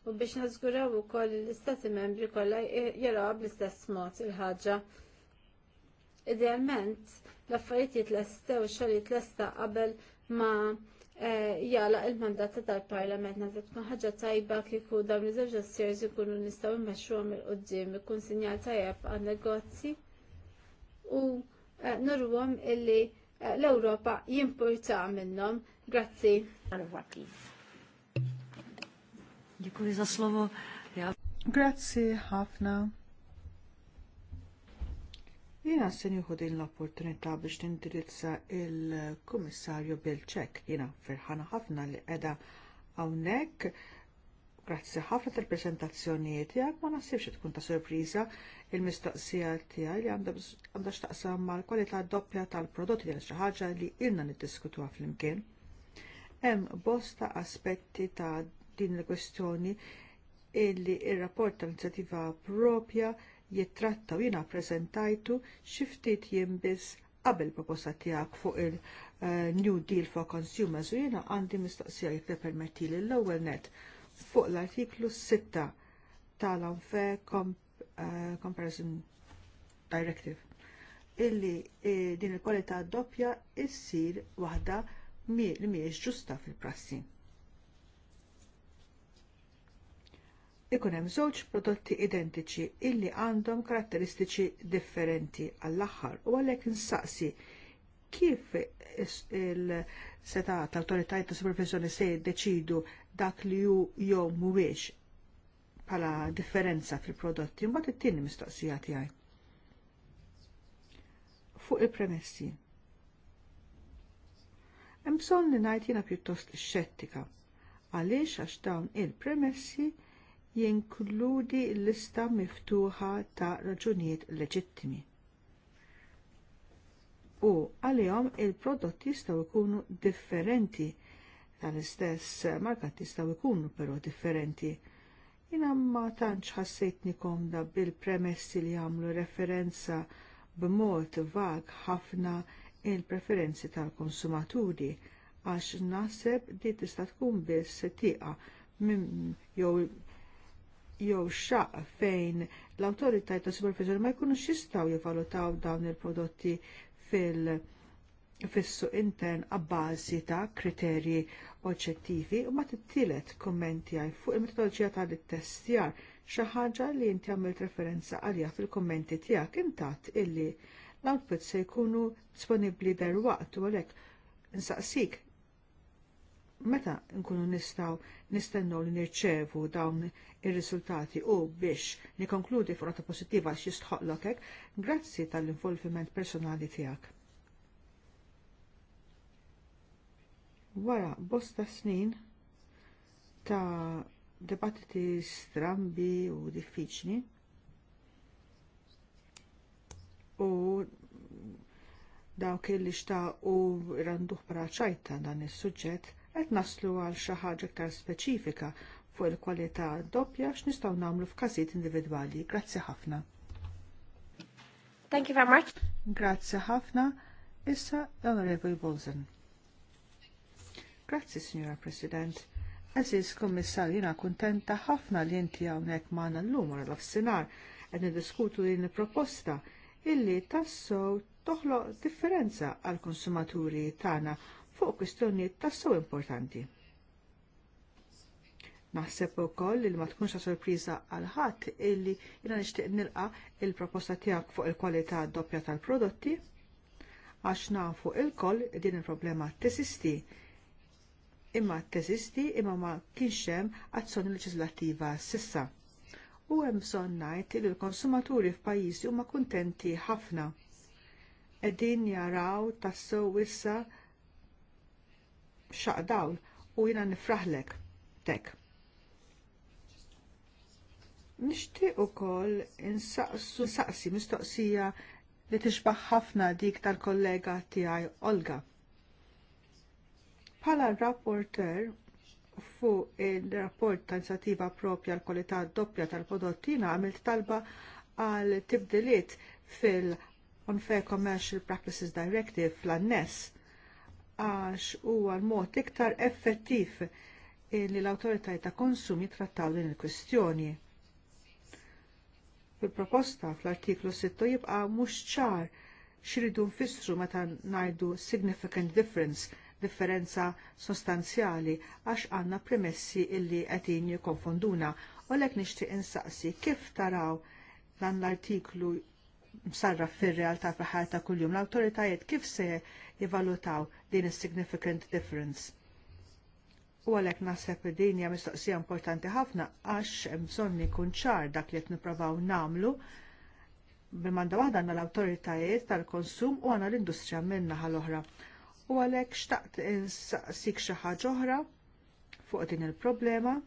u biex nażguraw ukoll l-Istati membri kollha jaraw bl-istess mod il-ħaġa Idealment, l-affarijiet jitlestew xogħol jitlesta qabel ma eh, jala il-mandat tal-parlament nafet tkun ħaġa tajba kieku dawn iż-żewġ dossiers ikunu nistgħu nmexxuhom il qudiem ikun sinjal tajjeb għan negozji u eh, nurwhom illi eh, l-Ewropa jimpurta minnhom. Grazzi. Grazzi ħafna. Jena se nieħu din l-opportunità biex tindirizza il-Kummissarju Bilċek. Jena ferħana ħafna li qiegħda hawnhekk. Grazzi ħafna tal-presentazzjoni tiegħek ma nasibx tkun ta' sorpriża il-mistoqsija tiegħi li għandha x'taqsam mal-kwalità doppja tal-prodotti li xi ħaġa li ilna niddiskutuha flimkien. Hemm bosta aspetti ta' din il-kwestjoni illi r rapport tal-inizjattiva propja jittratta u jiena ppreżentajtu xi ftit jien biss qabel proposta tiegħek fuq il-New eh, Deal for Consumers u jiena għandi mistoqsija jekk permetti l ewwel net fuq l-artiklu 6 tal-Unfair eh, Comparison Directive illi eh, din il-kwalità doppja ssir waħda li mhijiex ġusta fil-prassi. ikun hemm żewġ prodotti identiċi illi għandhom karatteristiċi differenti għall-aħħar u għalhekk insaqsi kif il-seta tal-autoritajiet ta' supervizjoni se jiddeċidu dak li ju jew mhuwiex bħala differenza fil-prodotti mbagħad it-tieni mistoqsija tiegħi. Fuq il-premessi. Hemm bżonn li ngħid jiena pjuttost xettika għaliex għax dawn il-premessi il premessi jinkludi l-lista miftuħa ta' raġunijiet leġittimi. U għalihom il-prodotti jistgħu jkunu differenti tal-istess markat jistgħu jkunu però differenti. Jina ma tantx ħassejtni komda bil-premessi li għamlu referenza b'mod vag ħafna il-preferenzi tal-konsumaturi għax naħseb di tista' tkun biss tieqa jew jew xaq fejn l-autoritajt ta' supervizjoni ma jkunux jistgħu jivalutaw dawn il-prodotti fil- fissu intern għabbażi ta' kriterji oġġettivi u ma tittilet kommenti għaj fuq il-metodoloġija ta' l-testjar xi ħaġa li inti għamilt referenza għalija fil-kommenti tiegħek intat illi l-output se jkunu disponibbli derwaqt u għalhekk nsaqsik meta nkunu nistaw nistennu li nirċevu dawn ir-riżultati u biex nikonkludi f'nota pozittiva xi jistħoqlok hekk grazzi tal-involviment personali tiegħek. Wara bosta snin ta' debattiti strambi u diffiċli u dawk li xtaq u randuħ praċajta dan is-suġġett qed naslu għal xi ħaġa iktar speċifika fuq il-kwalità doppja x'nistgħu nagħmlu f'każijiet individwali. Grazzi ħafna. Thank you very much. Grazzi ħafna. Issa l Honorable Bolzen. Grazzi, Signora President. Aziz Kommissar, jina kontenta ħafna li inti hawnhekk l-lum għal l-offsinar qed niddiskutu din proposta illi tassow toħloq differenza għall konsumaturi tagħna fuq kwistjonijiet tassew importanti. Naħseb ukoll li ma tkunx ta' sorpriża għal ħadd illi jina nixtieq nilqa il-proposta tiegħek fuq il-kwalità doppja tal-prodotti għax nafu il-koll din il-problema tesisti. Imma tesisti imma ma kienx hemm azzjoni leġislattiva sissa. U hemm bżonn ngħid li l-konsumaturi f'pajjiżi huma kuntenti ħafna. Qegħdin jaraw tassew issa xaq dawl u jina nifraħlek tek. Nishtiq u koll insaqsu saqsi mistoqsija li tixbaħ ħafna dik tal-kollega tiegħi Olga. Pala rapporter fuq il-rapport ta' inizjattiva propja l-kwalità doppja tal-prodottina għamilt talba għal tibdiliet fil-Unfair Commercial Practices Directive fl-annes għax huwa l-mod iktar effettiv li l-autoritajiet ta' konsum jitrattaw din il-kwistjoni. Fil-proposta fl-artiklu 6 jibqa' mhux ċar xiridu nfissru meta ngħidu significant difference, differenza sostanzjali għax għandna premessi illi qegħdin jikkonfonduna. U lek nixtieq insaqsi kif taraw dan l-artiklu msarraf fir-realtà fl-ħajja ta' kuljum. L-awtoritajiet kif se jivalutaw din is-significant difference? U għalhekk naħseb din hija mistoqsija importanti ħafna għax hemm bżonn ikun ċar dak li qed nippruvaw nagħmlu bil waħda għandna l-awtoritajiet tal-konsum u għandna l-industrija min-naħa l-oħra. U għalhekk xtaqt insaqsik xi ħaġa oħra fuq din il-problema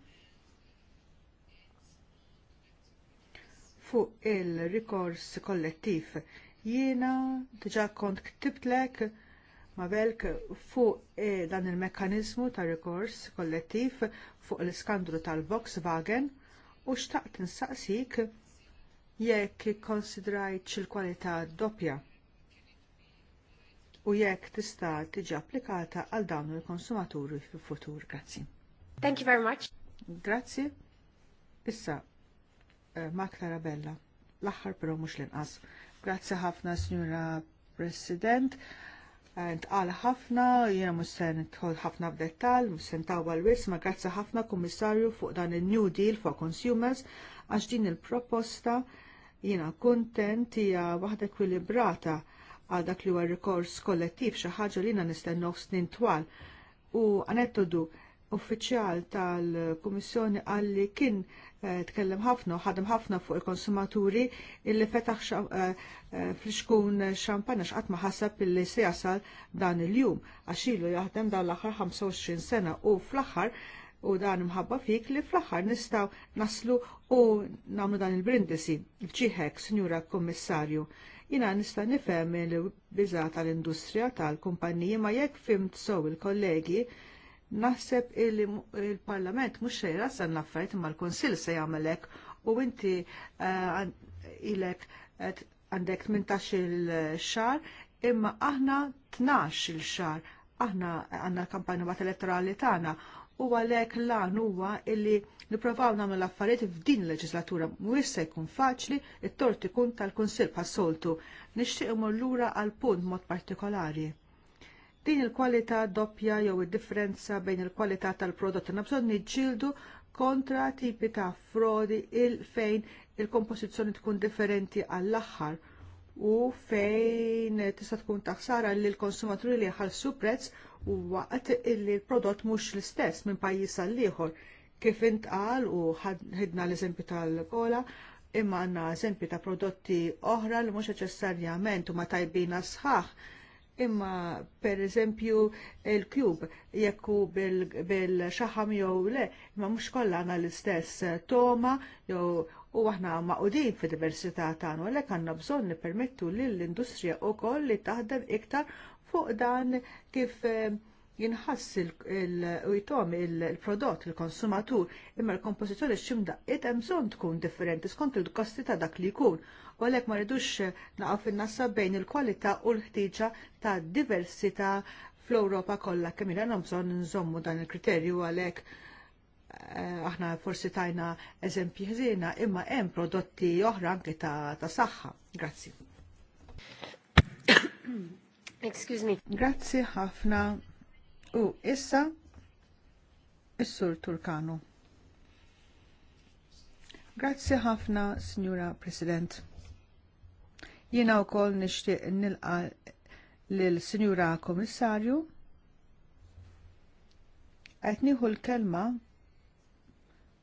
fuq il-rikors kollettiv. Jiena diġa kont ktibtlek ma belk fuq eh, dan il-mekkanizmu ta' rikors kollettiv fuq l-iskandru tal-Volkswagen u xtaqt nsaqsik jekk konsidrajt il-kwalità doppja u jekk tista' tiġi applikata għal dawn il-konsumaturi fil-futur. Grazzi. Thank you very much. Grazzi. Issa Eh, Mark Tarabella. L-aħħar però mhux l-inqas. Grazzi ħafna, Signora President. Ntqal ħafna, jiena mhux se ħafna f'dettall, mhux se ntawwa l-wis, ma grazzi ħafna Kummissarju fuq dan il-New Deal for Consumers għax din il-proposta jiena kuntent hija waħda kwilibrata għal dak li huwa rikors kollettiv xi ħaġa li jiena nisten snin twal. U anettodu uffiċjal tal-Kummissjoni għalli kien tkellem ħafna ħadem ħafna fuq il-konsumaturi illi fetax eh, eh, fl-xkun xampana xqat ma ħasab illi se jasal dan il-jum għax ilu jaħdem dan l-aħħar 25 sena u fl-aħħar u dan mħabba fik li fl-aħħar nistaw naslu u namlu dan il-brindisi. Ġiħek, Sinjura Kommissarju, jina nista nifhem il-biża tal-industrija tal-kumpaniji ma jekk fimt sow il-kollegi Naħseb il-Parlament mhux xejra se naffert imma l-Kunsill se jagħmelek u inti eh, ilek eh, għandek 18 il-xar imma aħna 12 il-xar aħna għandna l-kampanja bat elettorali tagħna u għalhekk lan huwa illi nippruvaw nagħmlu l-affarijiet f'din il-leġislatura mhuwiex se jkun faċli it torti ikun tal-Kunsill pas-soltu. Nixtieq imur lura għal punt mod partikolari din il-kwalità doppja jew id-differenza bejn il-kwalità tal-prodott għandna bżonn niġġieldu kontra tipi ta' frodi il fejn il-kompożizzjoni tkun differenti għall-aħħar u fejn tista' tkun taħsara li l-konsumaturi li jħallsu prezz u waqt illi l-prodott mhux l-istess minn pajjiż għal ieħor kif intqal u ħidna l-eżempju tal-kola imma għandna eżempju ta' prodotti oħra li mhux neċessarjament huma tajbina sħaħ imma pereżempju l kjub jekku bil-xaħam bil jew le, imma mhux kollha għandna l-istess eh, toma jew u aħna maqudin fi diversità tagħna għalhekk għandna bżonn nippermettu lill industrija wkoll li taħdem iktar fuq dan kif eh, jinħass u jtom il-prodott, il-konsumatur, imma l-kompożizzjoni x'imda hemm bżonn tkun differenti skont il-kosti ta' dak li jkun u għalhekk ma ridux naqgħu fin nasa bejn il-kwalità u l-ħtiġa ta' diversità fl-Ewropa kollha kemm ilha bżonn nżommu dan il-kriterju għalhekk eh, aħna forsi tajna eżempji ħżiena imma hemm prodotti oħra anke ta', ta saħħa. Grazzi. Excuse me. Grazzi ħafna. U issa is-Sur Turkanu. Grazzi ħafna, Signora President. Jiena wkoll nixtieq nilqa lill-Sinjura Komissarju. Qed nieħu l-kelma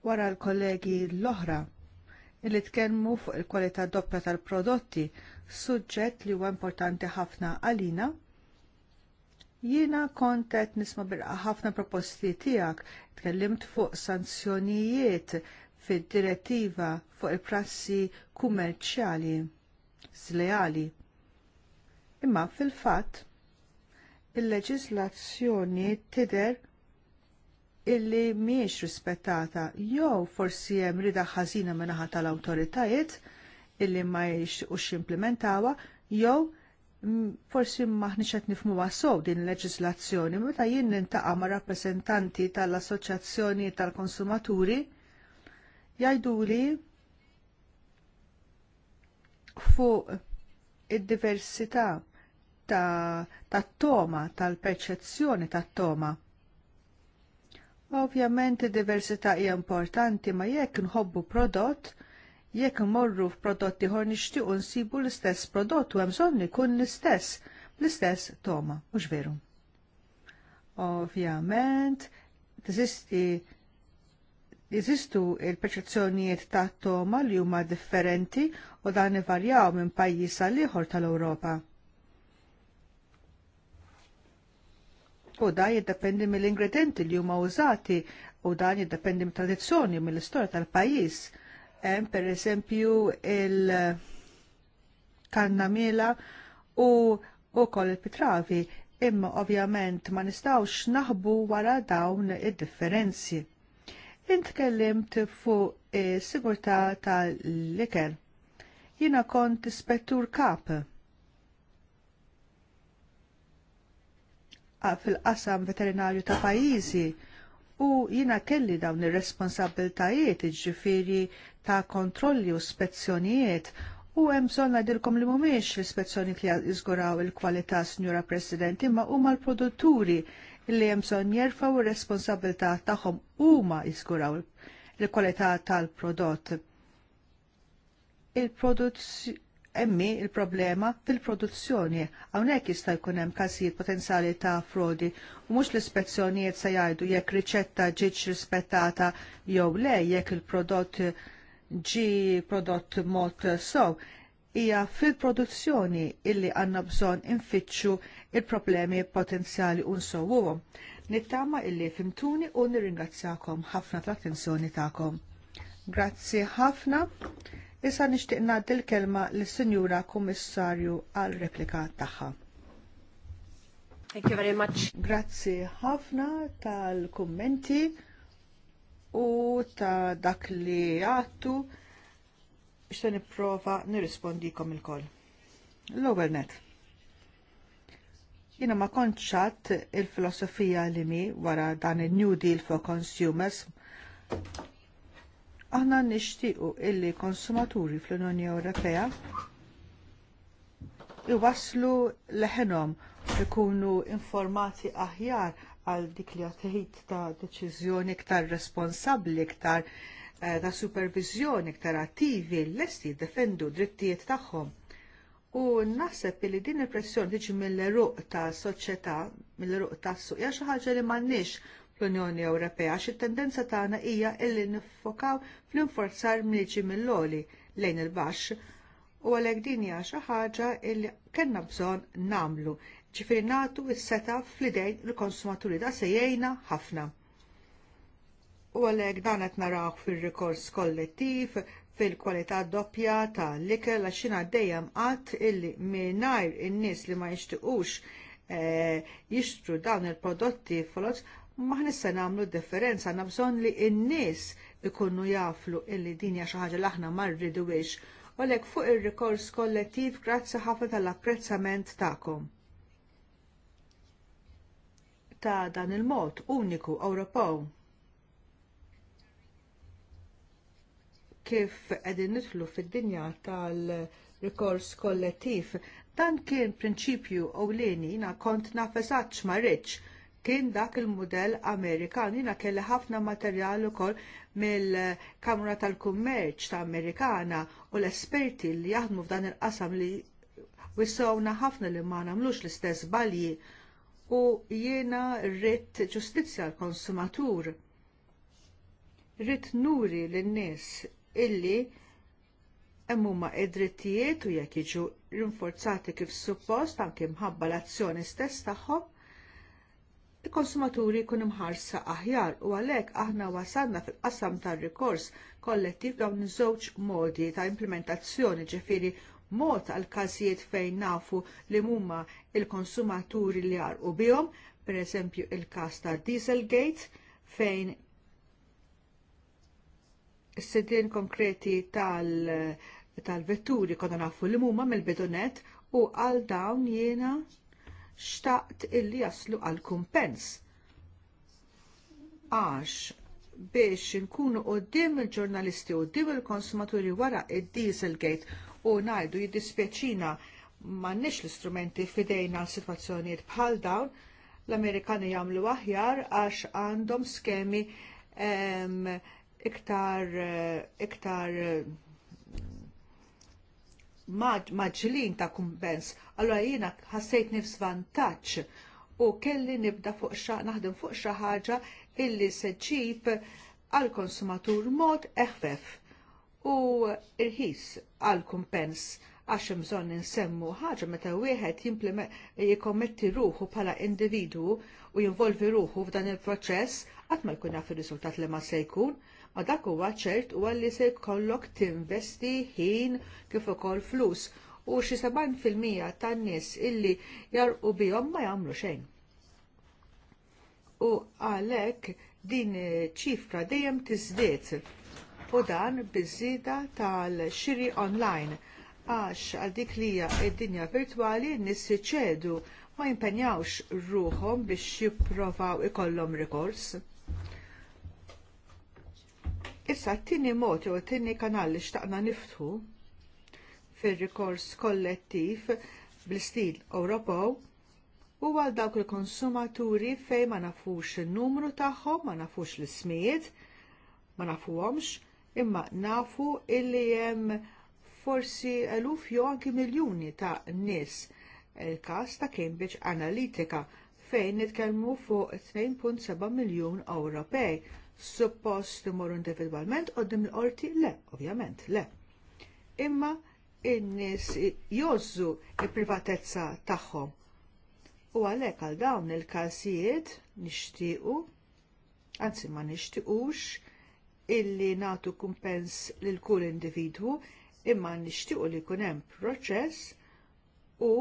wara l-kollegi l-oħra li tkellmu fuq il-kwalità doppja tal-prodotti, suġġett li huwa importanti ħafna għalina. Jiena kont qed nisma' birqa ħafna proposti tiegħek, tkellimt fuq sanzjonijiet fid-direttiva fuq il-prassi kummerċjali sleali. Imma fil-fatt il-leġislazzjoni tidher illi mhijiex rispettata jew forsi hemm rida ħażina minnaħa tal-awtoritajiet illi ma jixtiqux implementawa jew forsi maħniċ qed nifhmuha sew din il-leġislazzjoni meta jien nintaqa' ma' rappreżentanti tal-assoċjazzjoni tal-konsumaturi jgħiduli fuq id-diversità tat-toma, tal-perċezzjoni tat-toma. Ovvjament id-diversità hija importanti ma jekk nħobbu prodott, jekk morru f'prodott ieħor nixtiequ nsibu l-istess prodott u hemm bżonn ikun l-istess, l-istess toma, mhux veru. Ovvjament, tiżisti Jeżistu il-perċezzjonijiet ta' toma li huma differenti u dan ivarjaw minn pajjiż għal ieħor tal-Ewropa. U dan jiddependi mill-ingredienti li huma użati u dan jiddependi mill tradizzjoni mill-istorja tal-pajjiż. Hemm pereżempju il-kannamela u wkoll il-pitravi imma ovvjament ma nistgħux naħbu wara dawn id-differenzi intkellimt fuq sigurta eh, sigurtà tal liker Jiena kont ispettur kap fil-qasam veterinarju ta' pajjiżi u jina kelli dawn ir-responsabiltajiet iġifiri ta' kontrolli u spezzjonijiet u hemm bżonn ngħidilkom li mhumiex l-ispezzjoni li jiżguraw il-kwalità, Sinjura President, imma huma l-produtturi li jemson bżonn jerfgħu ir-responsabilità tagħhom huma jiskuraw il-kwalità tal-prodott. Il-produzzjoni emmi il-problema fil-produzzjoni. Hawnhekk jista' jkun hemm każijiet potenzjali ta' frodi u mhux l-ispezzjonijiet se jgħidu jekk riċetta ġietx rispettata jew le jekk il-prodott ġi prodott mod sow, hija fil-produzzjoni illi għandna bżonn infittxu il-problemi potenzjali u nsowwuhom. Nittama illi fimtuni u nirringrazzjakom ħafna tal-attenzjoni tagħkom. Grazzi ħafna. Issa nixtieq ngħaddi l-kelma lis-Sinjura Kummissarju għal replika tagħha. Thank you very much. Grazzi ħafna tal-kummenti u ta' dak li għattu biex se nipprova nirrispondikom il-koll. L-ewwel net. Jiena ma konċat il-filosofija li mi wara dan il-New Deal for Consumers. Aħna nixtiequ illi konsumaturi fl-Unjoni Ewropea iwaslu leħenhom ikunu informati aħjar għal dik li għatħit ta' deċiżjoni iktar responsabbli, iktar Eh, ta' supervizjoni iktar attivi lesti jiddefendu drittijiet tagħhom. U naħseb li din il-pressjoni tiġi mill-eruq ta' soċjetà, mill-eruq ta' suq, xi ħaġa li m'għandniex fl-Unjoni Ewropea għax it-tendenza tagħna hija illi niffokaw fl-inforzar mliġi mill oli lejn il-baxx u għalhekk din hija xi ħaġa li kellna bżonn nagħmlu. Ġifieri nagħtu s-seta fl-idejn il-konsumaturi da sejjejna ħafna. U għalhekk dan qed narawh fir-rikors kollettiv, fil-kwalità doppja ta' ikel għax xina dejjem qatt illi mingħajr in-nies li ma jixtiequx e, eh, jixtru dawn il-prodotti folot ma ħnissa nagħmlu differenza għandna bżonn li n-nies ikunu jaflu illi din hija xi ħaġa l aħna ma rridwiex. U fuq ir-rikors kollettiv grazzi ħafna tal-apprezzament tagħkom ta' dan il-mod uniku Ewropew kif qegħdin nidħlu fid-dinja tal-rikors kollettiv. Dan kien prinċipju ewleni jiena kont nafesat ma rridx kien dak il-modell Amerikan. Jina kelli ħafna materjal ukoll mill-Kamra tal-Kummerċ ta' Amerikana u l-esperti li jaħdmu f'dan il-qasam li wissawna ħafna li ma nagħmlux l-istess balji u jiena rrid ġustizzja l-konsumatur rrit nuri lin nies illi hemm huma id-drittijiet u jekk jiġu rinforzati kif suppost anke mħabba l-azzjoni stess tagħhom, il-konsumaturi jkun imħarsa aħjar u għalhekk aħna wasalna fil-qasam tar-rikors kollettiv dawn iż-żewġ modi ta' implementazzjoni ġifieri mod għal każijiet fejn nafu li huma l konsumaturi li jarqu bihom, pereżempju il-każ ta' Dieselgate fejn Is-sidien konkreti tal-vetturi tal konna nafu li huma mill-bidunet u għal dawn jiena xtaqt illi jaslu għal kumpens. Għax biex nkunu dim il-ġurnalisti u il-konsumaturi wara id-Dieselgate u najdu jiddispjaċina m'għandniex l-istrumenti fidejna għal sitwazzjonijiet bħal dawn, l-Amerikani jagħmlu aħjar għax għandhom skemi iktar iktar maġlin ta' kumpens, allora jiena ħassejt nifs vantaċ u kelli nibda fuq naħdem fuq xi ħaġa illi se ġib għall konsumatur mod eħfef u irħis għall kumpens għax bżonn insemmu ħaġa meta wieħed jikommetti ruħu bħala individwu u jinvolvi ruħu f'dan il-proċess għatma ma jkun jaf ir-riżultat li ma se jkun Ma dak huwa ċert huwa li se jkollok tinvesti ħin kif ukoll flus u xi 70% tan-nies illi jarqu bihom ma jagħmlu xejn. U għalhekk din ċifra dejjem tiżdied u dan biż tal-xiri online għax għal dik li hija d-dinja virtwali nies ma jimpenjawx ruħhom biex jippruvaw ikollhom rikors Issa t-tini mod u t-tini kanal li xtaqna niftħu fil-rikors kollettiv bl-stil Ewropew u għal dawk il-konsumaturi fej ma nafux il-numru tagħhom, ma nafux l-ismijiet, ma nafuhomx, imma nafu illi hemm forsi eluf jew anki miljuni ta' nies il-każ ta' Cambridge Analytica fejn nitkellmu fuq 2.7 miljun Ewropej suppost imorru individwalment dim l-qorti le, ovvjament, le. Imma innis nies jozzu il-privatezza tagħhom. U għalhekk għal dawn il-każijiet nixtiequ, anzi ma nixtiequx, illi nagħtu kumpens lil kull individwu, imma nixtiequ li jkun hemm proċess u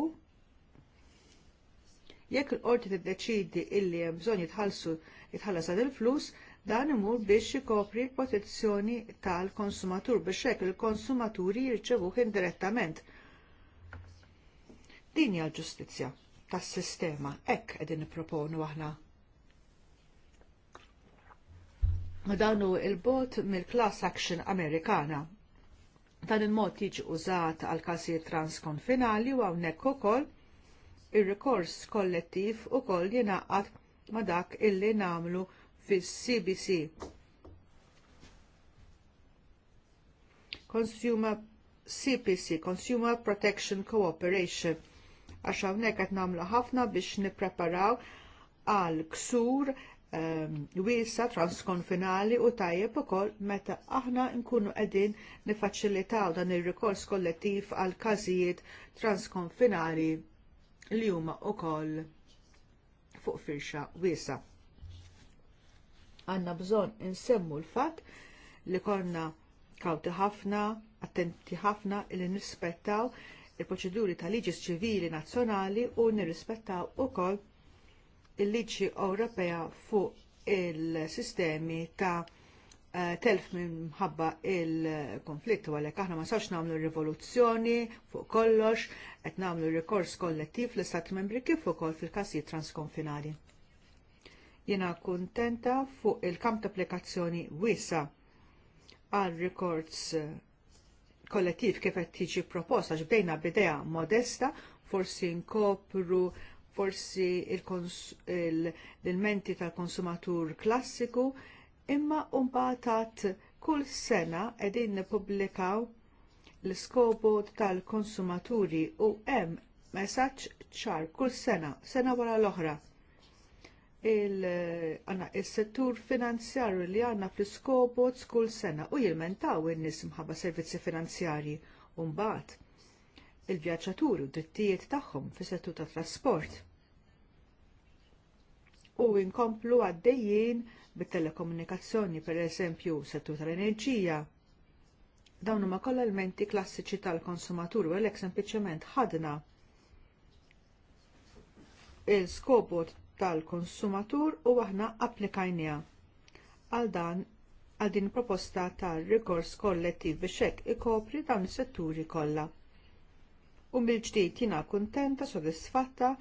jekk il-qorti deċidi illi hemm bżonn jitħallsu jitħallas għad il-flus, dan imur biex ikopri protezzjoni tal-konsumatur biex hekk il-konsumaturi jirċevuh indirettament. Din hija l-ġustizzja tas-sistema, hekk qegħdin nipproponu aħna. Dan hu il-bot mill-class action Amerikana. Dan il-mod jiġi użat għal każijiet transkonfinali u hawnhekk ukoll ir-rikors kollettiv ukoll jingħaqad ma dak illi nagħmlu fis-CBC. Consumer CPC, Consumer Protection Cooperation, għax hawnhekk qed nagħmlu ħafna biex nippreparaw għal ksur um, wiesa transkonfinali u tajjeb ukoll meta aħna nkunu qegħdin nifaċilitaw dan ir-rikors kollettiv għal każijiet transkonfinali li huma ukoll fuq firxa wiesa għanna bżonn insemmu l-fatt li konna kawti ħafna, attenti ħafna li nirrispettaw il-proċeduri tal-liġi ċivili nazzjonali u nirrispettaw ukoll il-liġi Ewropea fuq il-sistemi ta' eh, telf minħabba il-konflitt u għalek aħna ma sawx namlu rivoluzzjoni fuq kollox, qed namlu rikors kollettiv l-istat membri kif ukoll fil-każijiet transkonfinali. Jiena kuntenta fuq il-kamp ta' applikazzjoni wiesa għal records eh, kollettiv kif qed tiġi proposta x'bdejna bidea modesta, forsi nkopru forsi l-menti tal-konsumatur klassiku, imma mbagħad kull sena qegħdin nippubblikaw l-iskopu tal-konsumaturi u hemm messaġġ ċar kull sena, sena wara l-oħra il-settur finanzjarju li għandna fl-iskobot skull sena u jilmentaw in-nies mħabba servizzi finanzjarji u mbagħad il-vjaġġaturi u drittijiet tagħhom fis-settur tat trasport. U inkomplu għaddejjin bit-telekomunikazzjoni pereżempju settur tal-enerġija. Dawn huma kollha elementi klassiċi tal-konsumatur u għalhekk sempliċement ħadna il-skobot tal-konsumatur u aħna applikajnija. Għal dan għal din proposta ta' rikors kollettiv biex hekk ikopri dawn is-setturi kollha. U mill-ġdid jiena kuntenta sodisfatta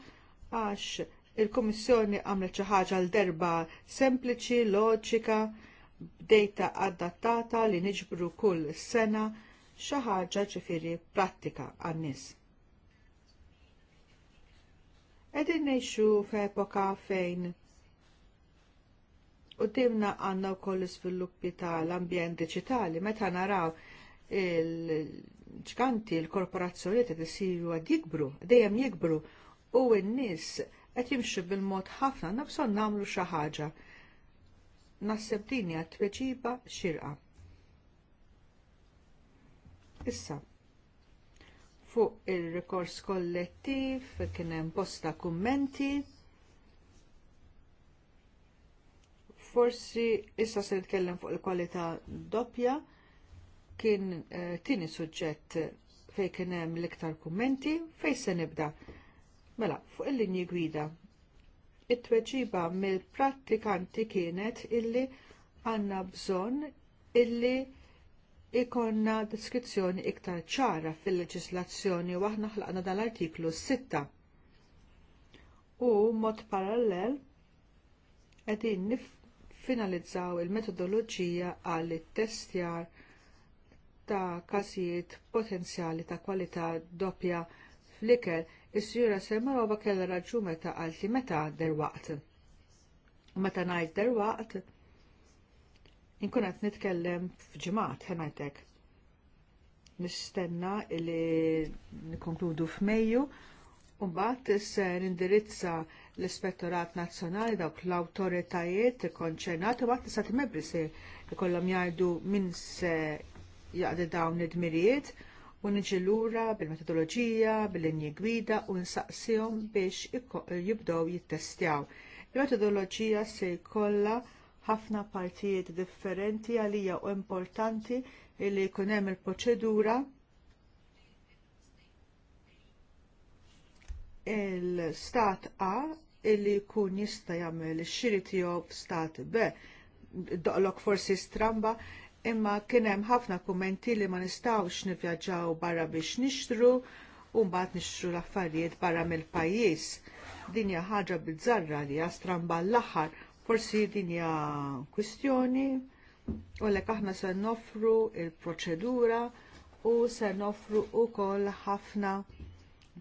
għax il-Kummissjoni għamlet xi ħaġa l derba sempliċi, loġika, b'dejta adattata li niġbru kull sena xi ħaġa ġifieri prattika għan-nies. Edin nejxu f'epoka fejn u dimna għanna u koll sviluppi tal-ambjent digitali, meta naraw il-ġganti, il-korporazzjoniet għed jisiru għed jikbru, dejjem jikbru, u n-nies qed jimxu bil-mod ħafna nafson nagħmlu xi ħaġa. Nasseb dini għat tweġiba xirqa. Issa, fuq ir rikors kollettiv kien hemm bosta kummenti. Forsi issa se nitkellem fuq il-kwalità doppja kien uh, eh, tieni suġġett fejn kien hemm l-iktar kummenti fejn se nibda. Mela, fuq il-linji gwida. It-tweġiba mill-prattikanti kienet illi għandna bżonn illi ikonna deskrizzjoni iktar ċara fil-leġislazzjoni u aħna ħlaqna dan l-artiklu 6. U mod parallel qegħdin finalizzaw il-metodoloġija għal testjar ta' każijiet potenzjali ta' kwalità doppja fl-ikel is-sjura Semarova kellha raġun meta qalti meta derwaqt. Meta ngħid derwaqt, Inkun qed nitkellem fġimat, ħenajtek. Nistenna li nikkonkludu f'Mejju u mbagħad se nindirizza l-Ispettorat Nazzjonali dawk l-awtoritajiet konċernati u mbagħad tista' timebri se jkollhom jgħidu min se jaqdi dawn id-dmirijiet u niġi lura bil-metodoloġija, bil-linji gwida u nsaqsihom biex jibdew jittestjaw. Il-metodoloġija se jkollha ħafna partijiet differenti għalija u importanti li jkun hemm il-proċedura il-stat A illi jkun jista jagħmel ix-xiri tiegħu f'stat B doqlok forsi stramba imma kien hemm ħafna kummenti li ma nistgħux nivvjaġġaw barra biex nixtru u mbagħad nixtru l-affarijiet barra mill-pajjiż. Din hija ħaġa bizzarra li hija stramba l-aħħar Forsi din hija kwistjoni u lek aħna se noffru il-proċedura u se noffru wkoll ħafna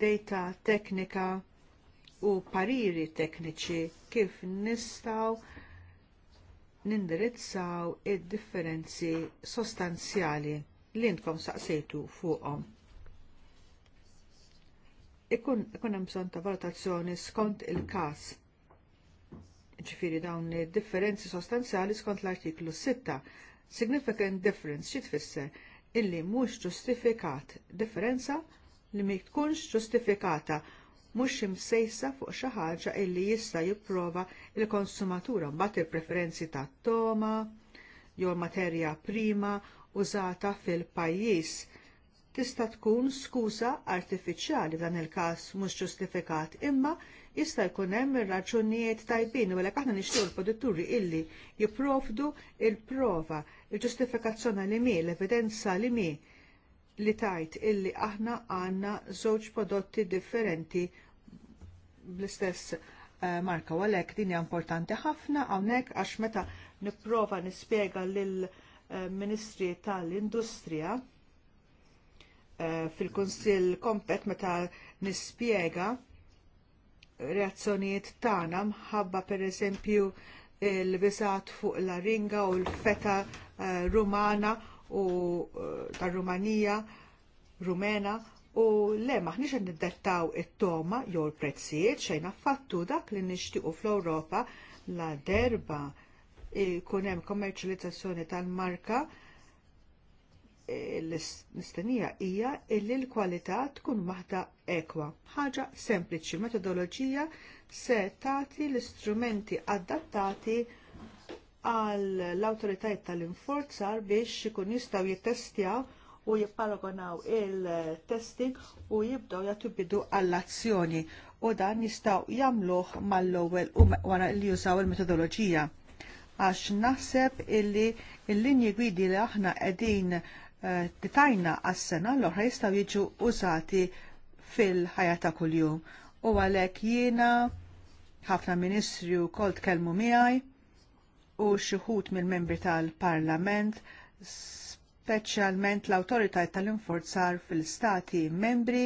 data teknika u pariri tekniċi kif nistgħu nindirizzaw id-differenzi sostanzjali li intkom saqsejtu fuqhom ikun hemm bżonn ta' valutazzjoni skont il-każ ġifiri dawn differenzi sostanzjali skont l-artiklu 6. Significant difference xi tfisser illi mhux ġustifikat differenza li ma tkunx ġustifikata mhux imsejsa fuq xi ħaġa illi jista' jipprova l konsumatura mbagħad il-preferenzi tat-toma jew materja prima użata fil-pajjiż tista' tkun skuża artifiċjali dan il-każ mhux ġustifikat imma jista' jkun hemm ir raġunijiet tajbin u għalhekk aħna nixtiequ l-produtturi illi jipprovdu il-prova, il-ġustifikazzjoni li mi, l-evidenza li mi li tajt illi aħna għandna żewġ prodotti differenti bl-istess eh, marka u għalhekk din hija importanti ħafna hawnhekk għax meta nipprova nispjega lil eh, Ministri tal-Industrija eh, fil-Konsil Kompet meta nispjega reazzjonijiet tagħna mħabba pereżempju l bisat fuq la ringa u l-feta eh, rumana u eh, tar Rumanija, Rumena u le maħniex qed niddettaw it-toma jew l-prezzijiet xejn affattu dak li nixtiequ fl-Ewropa la derba ikun eh, hemm kommerċjalizzazzjoni tal-marka l-istennija hija illi l-kwalità tkun waħda ekwa. Ħaġa sempliċi, metodoloġija se tagħti l-istrumenti adattati għall awtoritajiet tal-inforzar biex ikun jistgħu jittestjaw u jipparagonaw il-testing u jibdaw jagħtu bidu għall-azzjoni u dan jistgħu jagħmluh mal-ewwel u wara li jużaw il-metodoloġija. Għax naħseb illi l-linji gwidi li aħna qegħdin Titajna għas-sena l-oħra jistgħu jiġu użati fil-ħajja ta' kuljum. U għalhekk jiena ħafna ministri wkoll tkellmu miegħi u xi wħud mill-membri tal-Parlament speċjalment l-autoritajt tal-infurzar fil-stati membri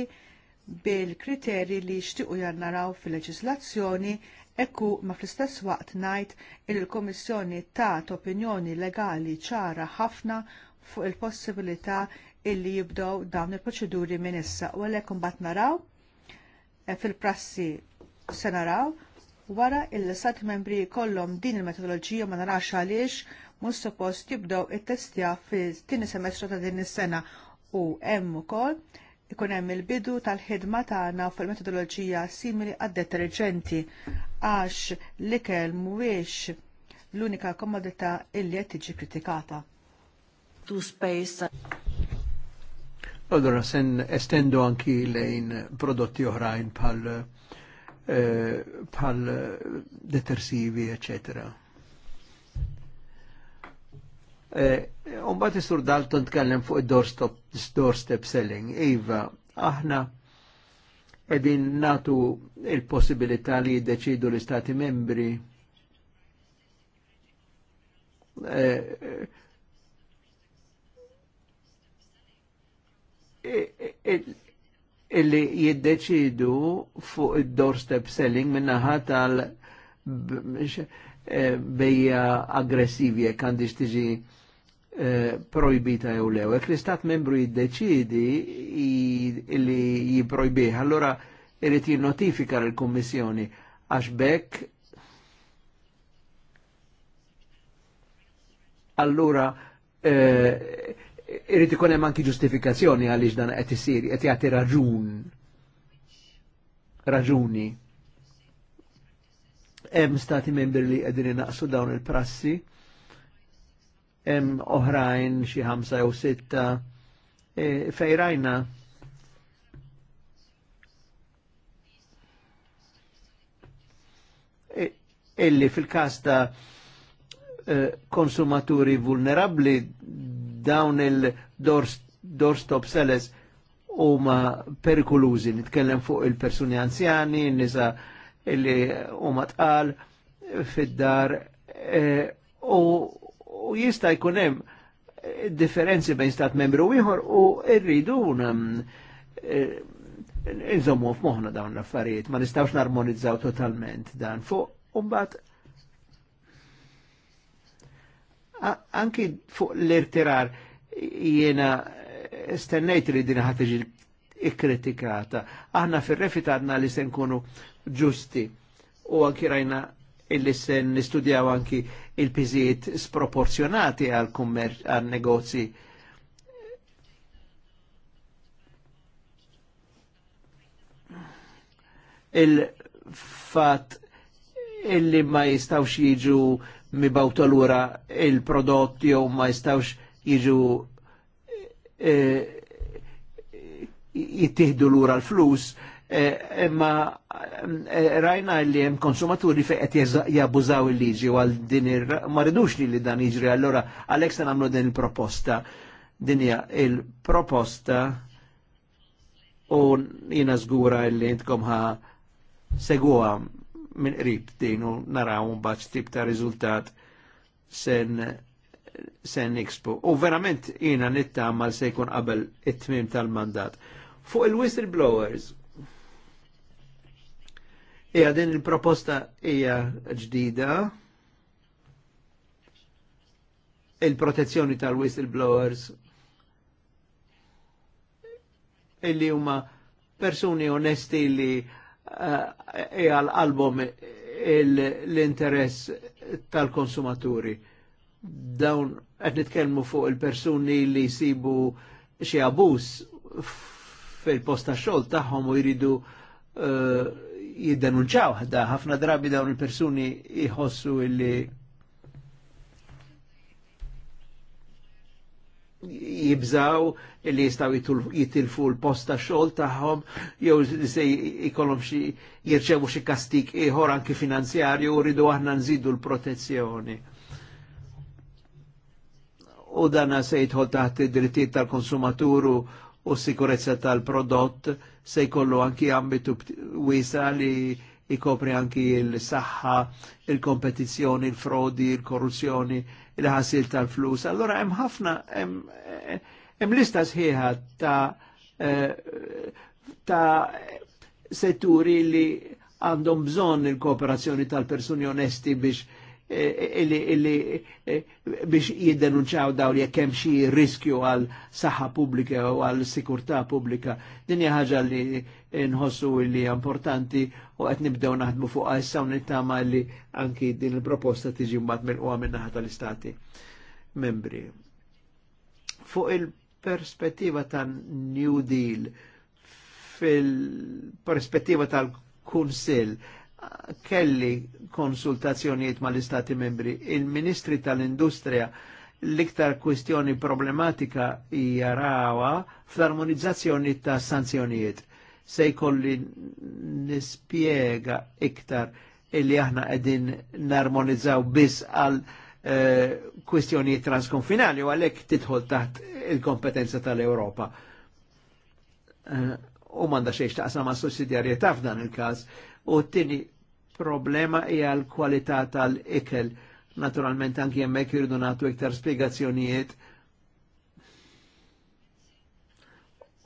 bil-kriteri li jixtiequ jannaraw fil-leġislazzjoni ekku ma fl-istess waqt ngħid il l-Kummissjoni tat opinjoni legali ċara ħafna fuq il-possibilità illi jibdow dawn il-proċeduri minn issa. U għalhekk imbagħad naraw eh, fil-prassi se naraw wara il-sat membri kollhom din il-metodoloġija ma narax għaliex mhux suppost jibdew it-testja fit-tieni semestru ta' din is-sena u hemm ukoll ikun hemm il-bidu tal-ħidma tagħna fil-metodoloġija simili għad-deterġenti għax l-ikel mhuwiex l-unika komodità illi qed tiġi kritikata to space. Allora, sen estendo anki lejn prodotti oħrajn pal, eh, pal detersivi, eccetera. Eh, Umbat sur Dalton tkellem fuq doorstop, doorstep selling. Iva, aħna edin natu il-possibilità li jiddeċidu l-Istati membri eh, illi jiddeċidu fuq id-doorstep selling minnaħa tal eh, bejja aggressivi jekk għandix tiġi eh, projbita jew lew. l-istat membru jiddeċidi illi jiprojbih, allora irrit jinnotifika l kommissjoni għax bekk allura eh, irrid ikun hemm anki ġustifikazzjoni għaliex dan qed isir qed jagħti raġun raġuni. Hemm stati membri li qegħdin inaqsu dawn il-prassi, hemm oħrajn xi ħamsa jew sitta e, fejrajna e, illi fil kasta ta' e, konsumaturi vulnerabli dawn il-doorstop sellers huma perikolużi, nitkellem fuq il-persuni anzjani, nisa illi huma tqal fid-dar eh, u jista' jkun hemm differenzi bejn stat membru ieħor u rridu e, nżommu f'moħħna dawn l-affarijiet, ma nistawx narmonizzaw totalment dan fuq Umbat anki fuq l-irtirar jiena stennejt li din ħatġi iġi ikkritikata. Aħna fil-refit għadna li sen kunu ġusti u anki rajna illi sen nistudjaw anki il-piżijiet sproporzjonati għal-kummerċ għal-negozji. Il-fat illi ma jistawx jiġu mibawta talura il-prodott jew ma jistawx jiġu e, e, jittihdu l lura l-flus e, imma rajna li hemm konsumaturi fejn qed il-liġi għal din ma ridux li li dan jiġri allora għalhekk se nagħmlu din il-proposta din hija il-proposta u jiena żgura li intkom ha segwa minn qrib din u naraw bat tip ta' riżultat sen sen expo. U verament jiena nittamal se jkun qabel it-tmim tal-mandat. Fuq il-whistleblowers, Ija din il-proposta hija ġdida. Il-protezzjoni tal-whistleblowers illi huma persuni onesti li Eh, e għal-album l-interess tal-konsumaturi. Dawn għed nitkelmu fuq il-persuni li jisibu xie abus fil-posta xol taħħom u jridu eh, jiddenunċaw ħafna drabi dawn il-persuni jħossu illi jibżaw li jistaw jitilfu l-posta xol taħħom, jew se jikolom xie jirċevu xie kastik iħor anki finanzjarju u rridu aħna nżidu l-protezzjoni. U dana se jitħol taħt id-drittijiet tal-konsumaturu u s sikurezza tal-prodott se jkollu anki ambitu wisa li ikopri anki il saxħa il kompetizjoni il-frodi, il-korruzzjoni, il-ħasil tal-flus. Allora hemm ħafna hemm lista sħiħa ta' eh, ta' setturi li għandhom bżonn il-kooperazzjoni tal-persuni onesti biex illi eh, biex jiddenunċaw daw li jekkem xi riskju għal saħħa pubblika u għal sikurtà pubblika. Din hija ħaġa li nħossu li importanti u qed nibdew naħdmu fuq issa u nittama li anki din il-proposta tiġi mbagħad milquha minn naħa tal-istati membri. Fuq il-perspettiva ta' New Deal fil-perspettiva tal-Kunsill, kelli konsultazzjonijiet mal-Istati membri. Il-Ministri tal-Industrija l-iktar kwistjoni problematika jarawa fl-armonizzazzjoni ta' sanzjonijiet. Se jkolli nispiega iktar illi aħna qegħdin narmonizzaw biss għal eh, kwistjoni transkonfinali u għalek titħol taħt il-kompetenza tal-Europa. Eh, u manda xiex taqsam ma' sussidjarieta f'dan il-kas U t-tini problema hija l-kwalità tal-ikel. Naturalment anki hemmhekk irridu nagħtu iktar spjegazzjonijiet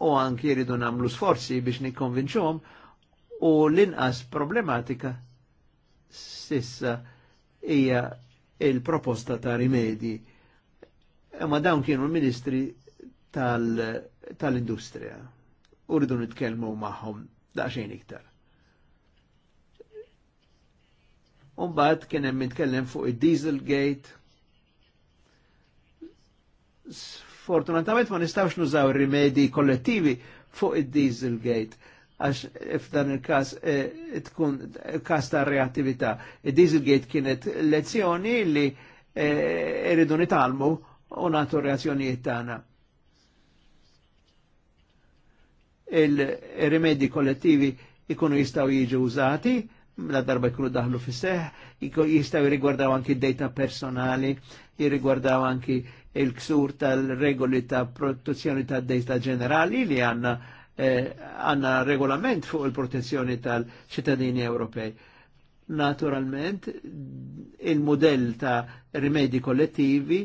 u anki jridu nagħmlu sforzi biex nikkonvinċhom u l-inqas problematika sissa hija il-proposta ta' rimedi. Ma dawn kienu l-ministri tal-industrija. Tal nitkelmu nitkellmu magħhom xejn iktar. Umbat kien hemm nitkellem fuq id diesel gate. Fortunatament ma nistawx nużaw rimedi kollettivi fuq id diesel gate għax f'dan il-kas eh, tkun kas ta' reattività. id diesel gate kienet lezzjoni li eh, irridu e, nitalmu u natu reazzjonijiet tagħna. Il-rimedi kollettivi ikunu jistaw jiġu użati la darba jkunu daħlu fi seħ, jistaw jirigwardaw anki data personali, jirrigwardaw anki il-ksur tal-regoli ta' protezzjoni ta' data ġenerali li għanna eh, għanna eh, regolament fuq il-protezzjoni tal-ċittadini Ewropej. Naturalment, il-modell ta' rimedi kollettivi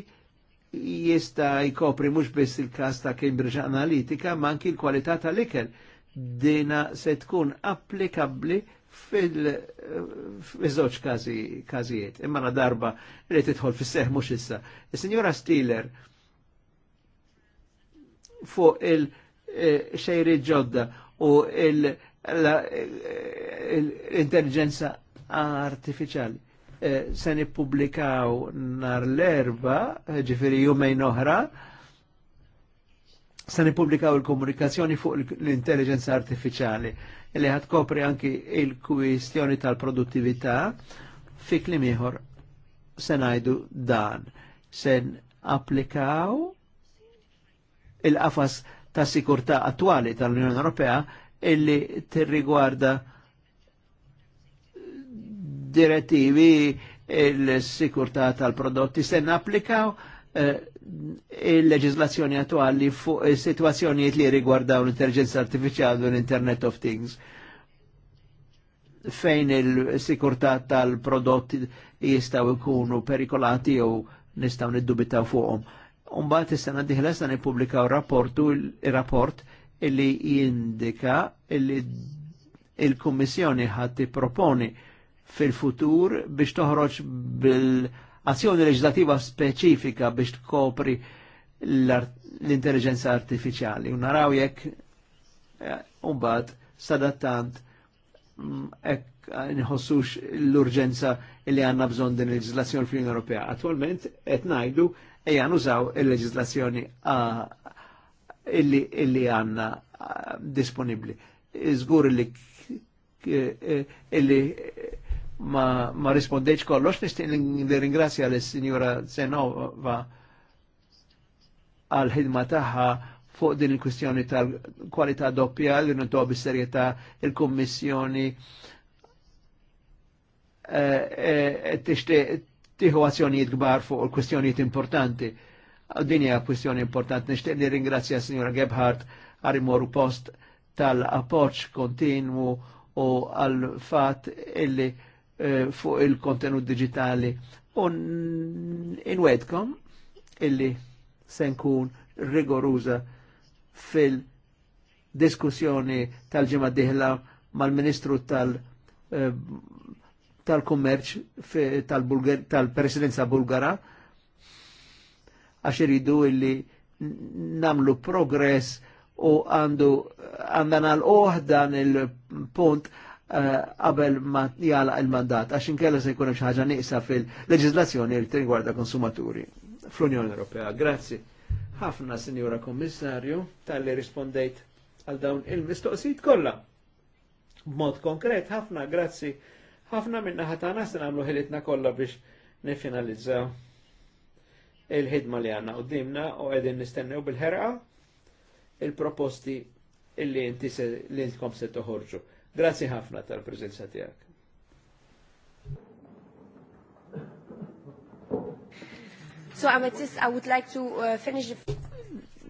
jista jkopri mux biss il-kas ta' Cambridge Analytica, ma anki l-kwalità tal-ikel. Dina se tkun applikabli fil-żoċ kazijiet, imma na darba li tidħol fis-seħ mux issa. Il-Sinjora Stiller fuq il-xejri eh, ġodda u l-intelligenza artificiali. Eh, se nippubblikaw nar l-erba, ġifiri jumejn oħra, se nippubblikaw il-komunikazzjoni fuq l-intelligenza artificiali li ħad kopri anki il-kwistjoni tal-produttività fi klimiħor ieħor se dan sen applikaw il-qafas ta' sikurta attuali tal-Unjoni Ewropea illi tirrigwarda direttivi il sikurta tal-prodotti sen applikaw eh, il-leġizlazzjoni attuali fuq situazzjonijiet li rigwardaw l-intelligenza artificiali u l-Internet of Things fejn il-sikurtà tal-prodotti jistaw ikunu perikolati jew nistaw niddubitaw fuqhom. Umbagħad is-sena diħla se nippubblikaw rapportu rapport illi jindika illi il-Kummissjoni ħadd proponi fil-futur biex toħroġ bil- azzjoni leġislativa speċifika biex tkopri l-intelligenza artificiali. U naraw jekk eh, umbat sadattant mm, ek eh, nħossux l-urġenza li għanna bżon din il-leġislazzjoni fl Ewropea. Attualment qed ngħidu għan użaw il-leġislazzjoni eh, illi għanna disponibbli. Iżgur illi ma, ma rispondeċ kollox, nishtiq nirringrazzja l-Sinjura Zenova għal-ħidma taħħa fuq din il-kwistjoni tal-kwalità doppja li nintuħ bis-serjetà il-Kummissjoni eh, eh, tiħu azzjonijiet kbar fuq il-kwistjonijiet importanti. Din hija kwistjoni importanti. Nixtieq nirringrazzja s Sinjura Gebhardt għal imorru post tal-appoġġ kontinwu u għal fatt illi Eh, fuq il-kontenut digitali un inwedkom illi senkun rigoruza fil-diskussjoni tal-ġimma diħla mal-Ministru tal- eh, tal-kummerċ tal-presidenza bulgara għax iridu illi namlu progress u għandu għandana l-oħdan il-punt Eh, qabel ma jala il-mandat, għax inkella se jkunem xaħġa xi ħaġa fil leġizlazzjoni li rigwarda konsumaturi fl-Unjoni Ewropea. Grazzi ħafna Sinjura Kommissarju tal-li rispondejt għal dawn il-mistoqsijiet kollha. B'mod konkret ħafna grazzi ħafna minna ħatana se nagħmlu ħilitna kollha biex nifinalizzaw il-ħidma li għanna u dimna u għedin nistennew bil-ħerqa il-proposti illi inti li se toħorġu. Grazzi ħafna tal-preżenza tiegħek. So Amethyst, I would like to uh, finish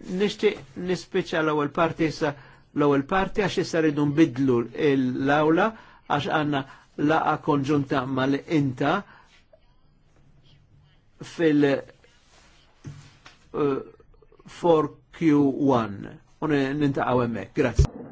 Nishti nispeċa l-ewwel parti sa l-ewwel parti għax issa rridu nbidlu l-awla għax għanna laqa konġunta mal-inta fil uh, 4Q1. Un nintaqgħu hemmhekk. Grazie.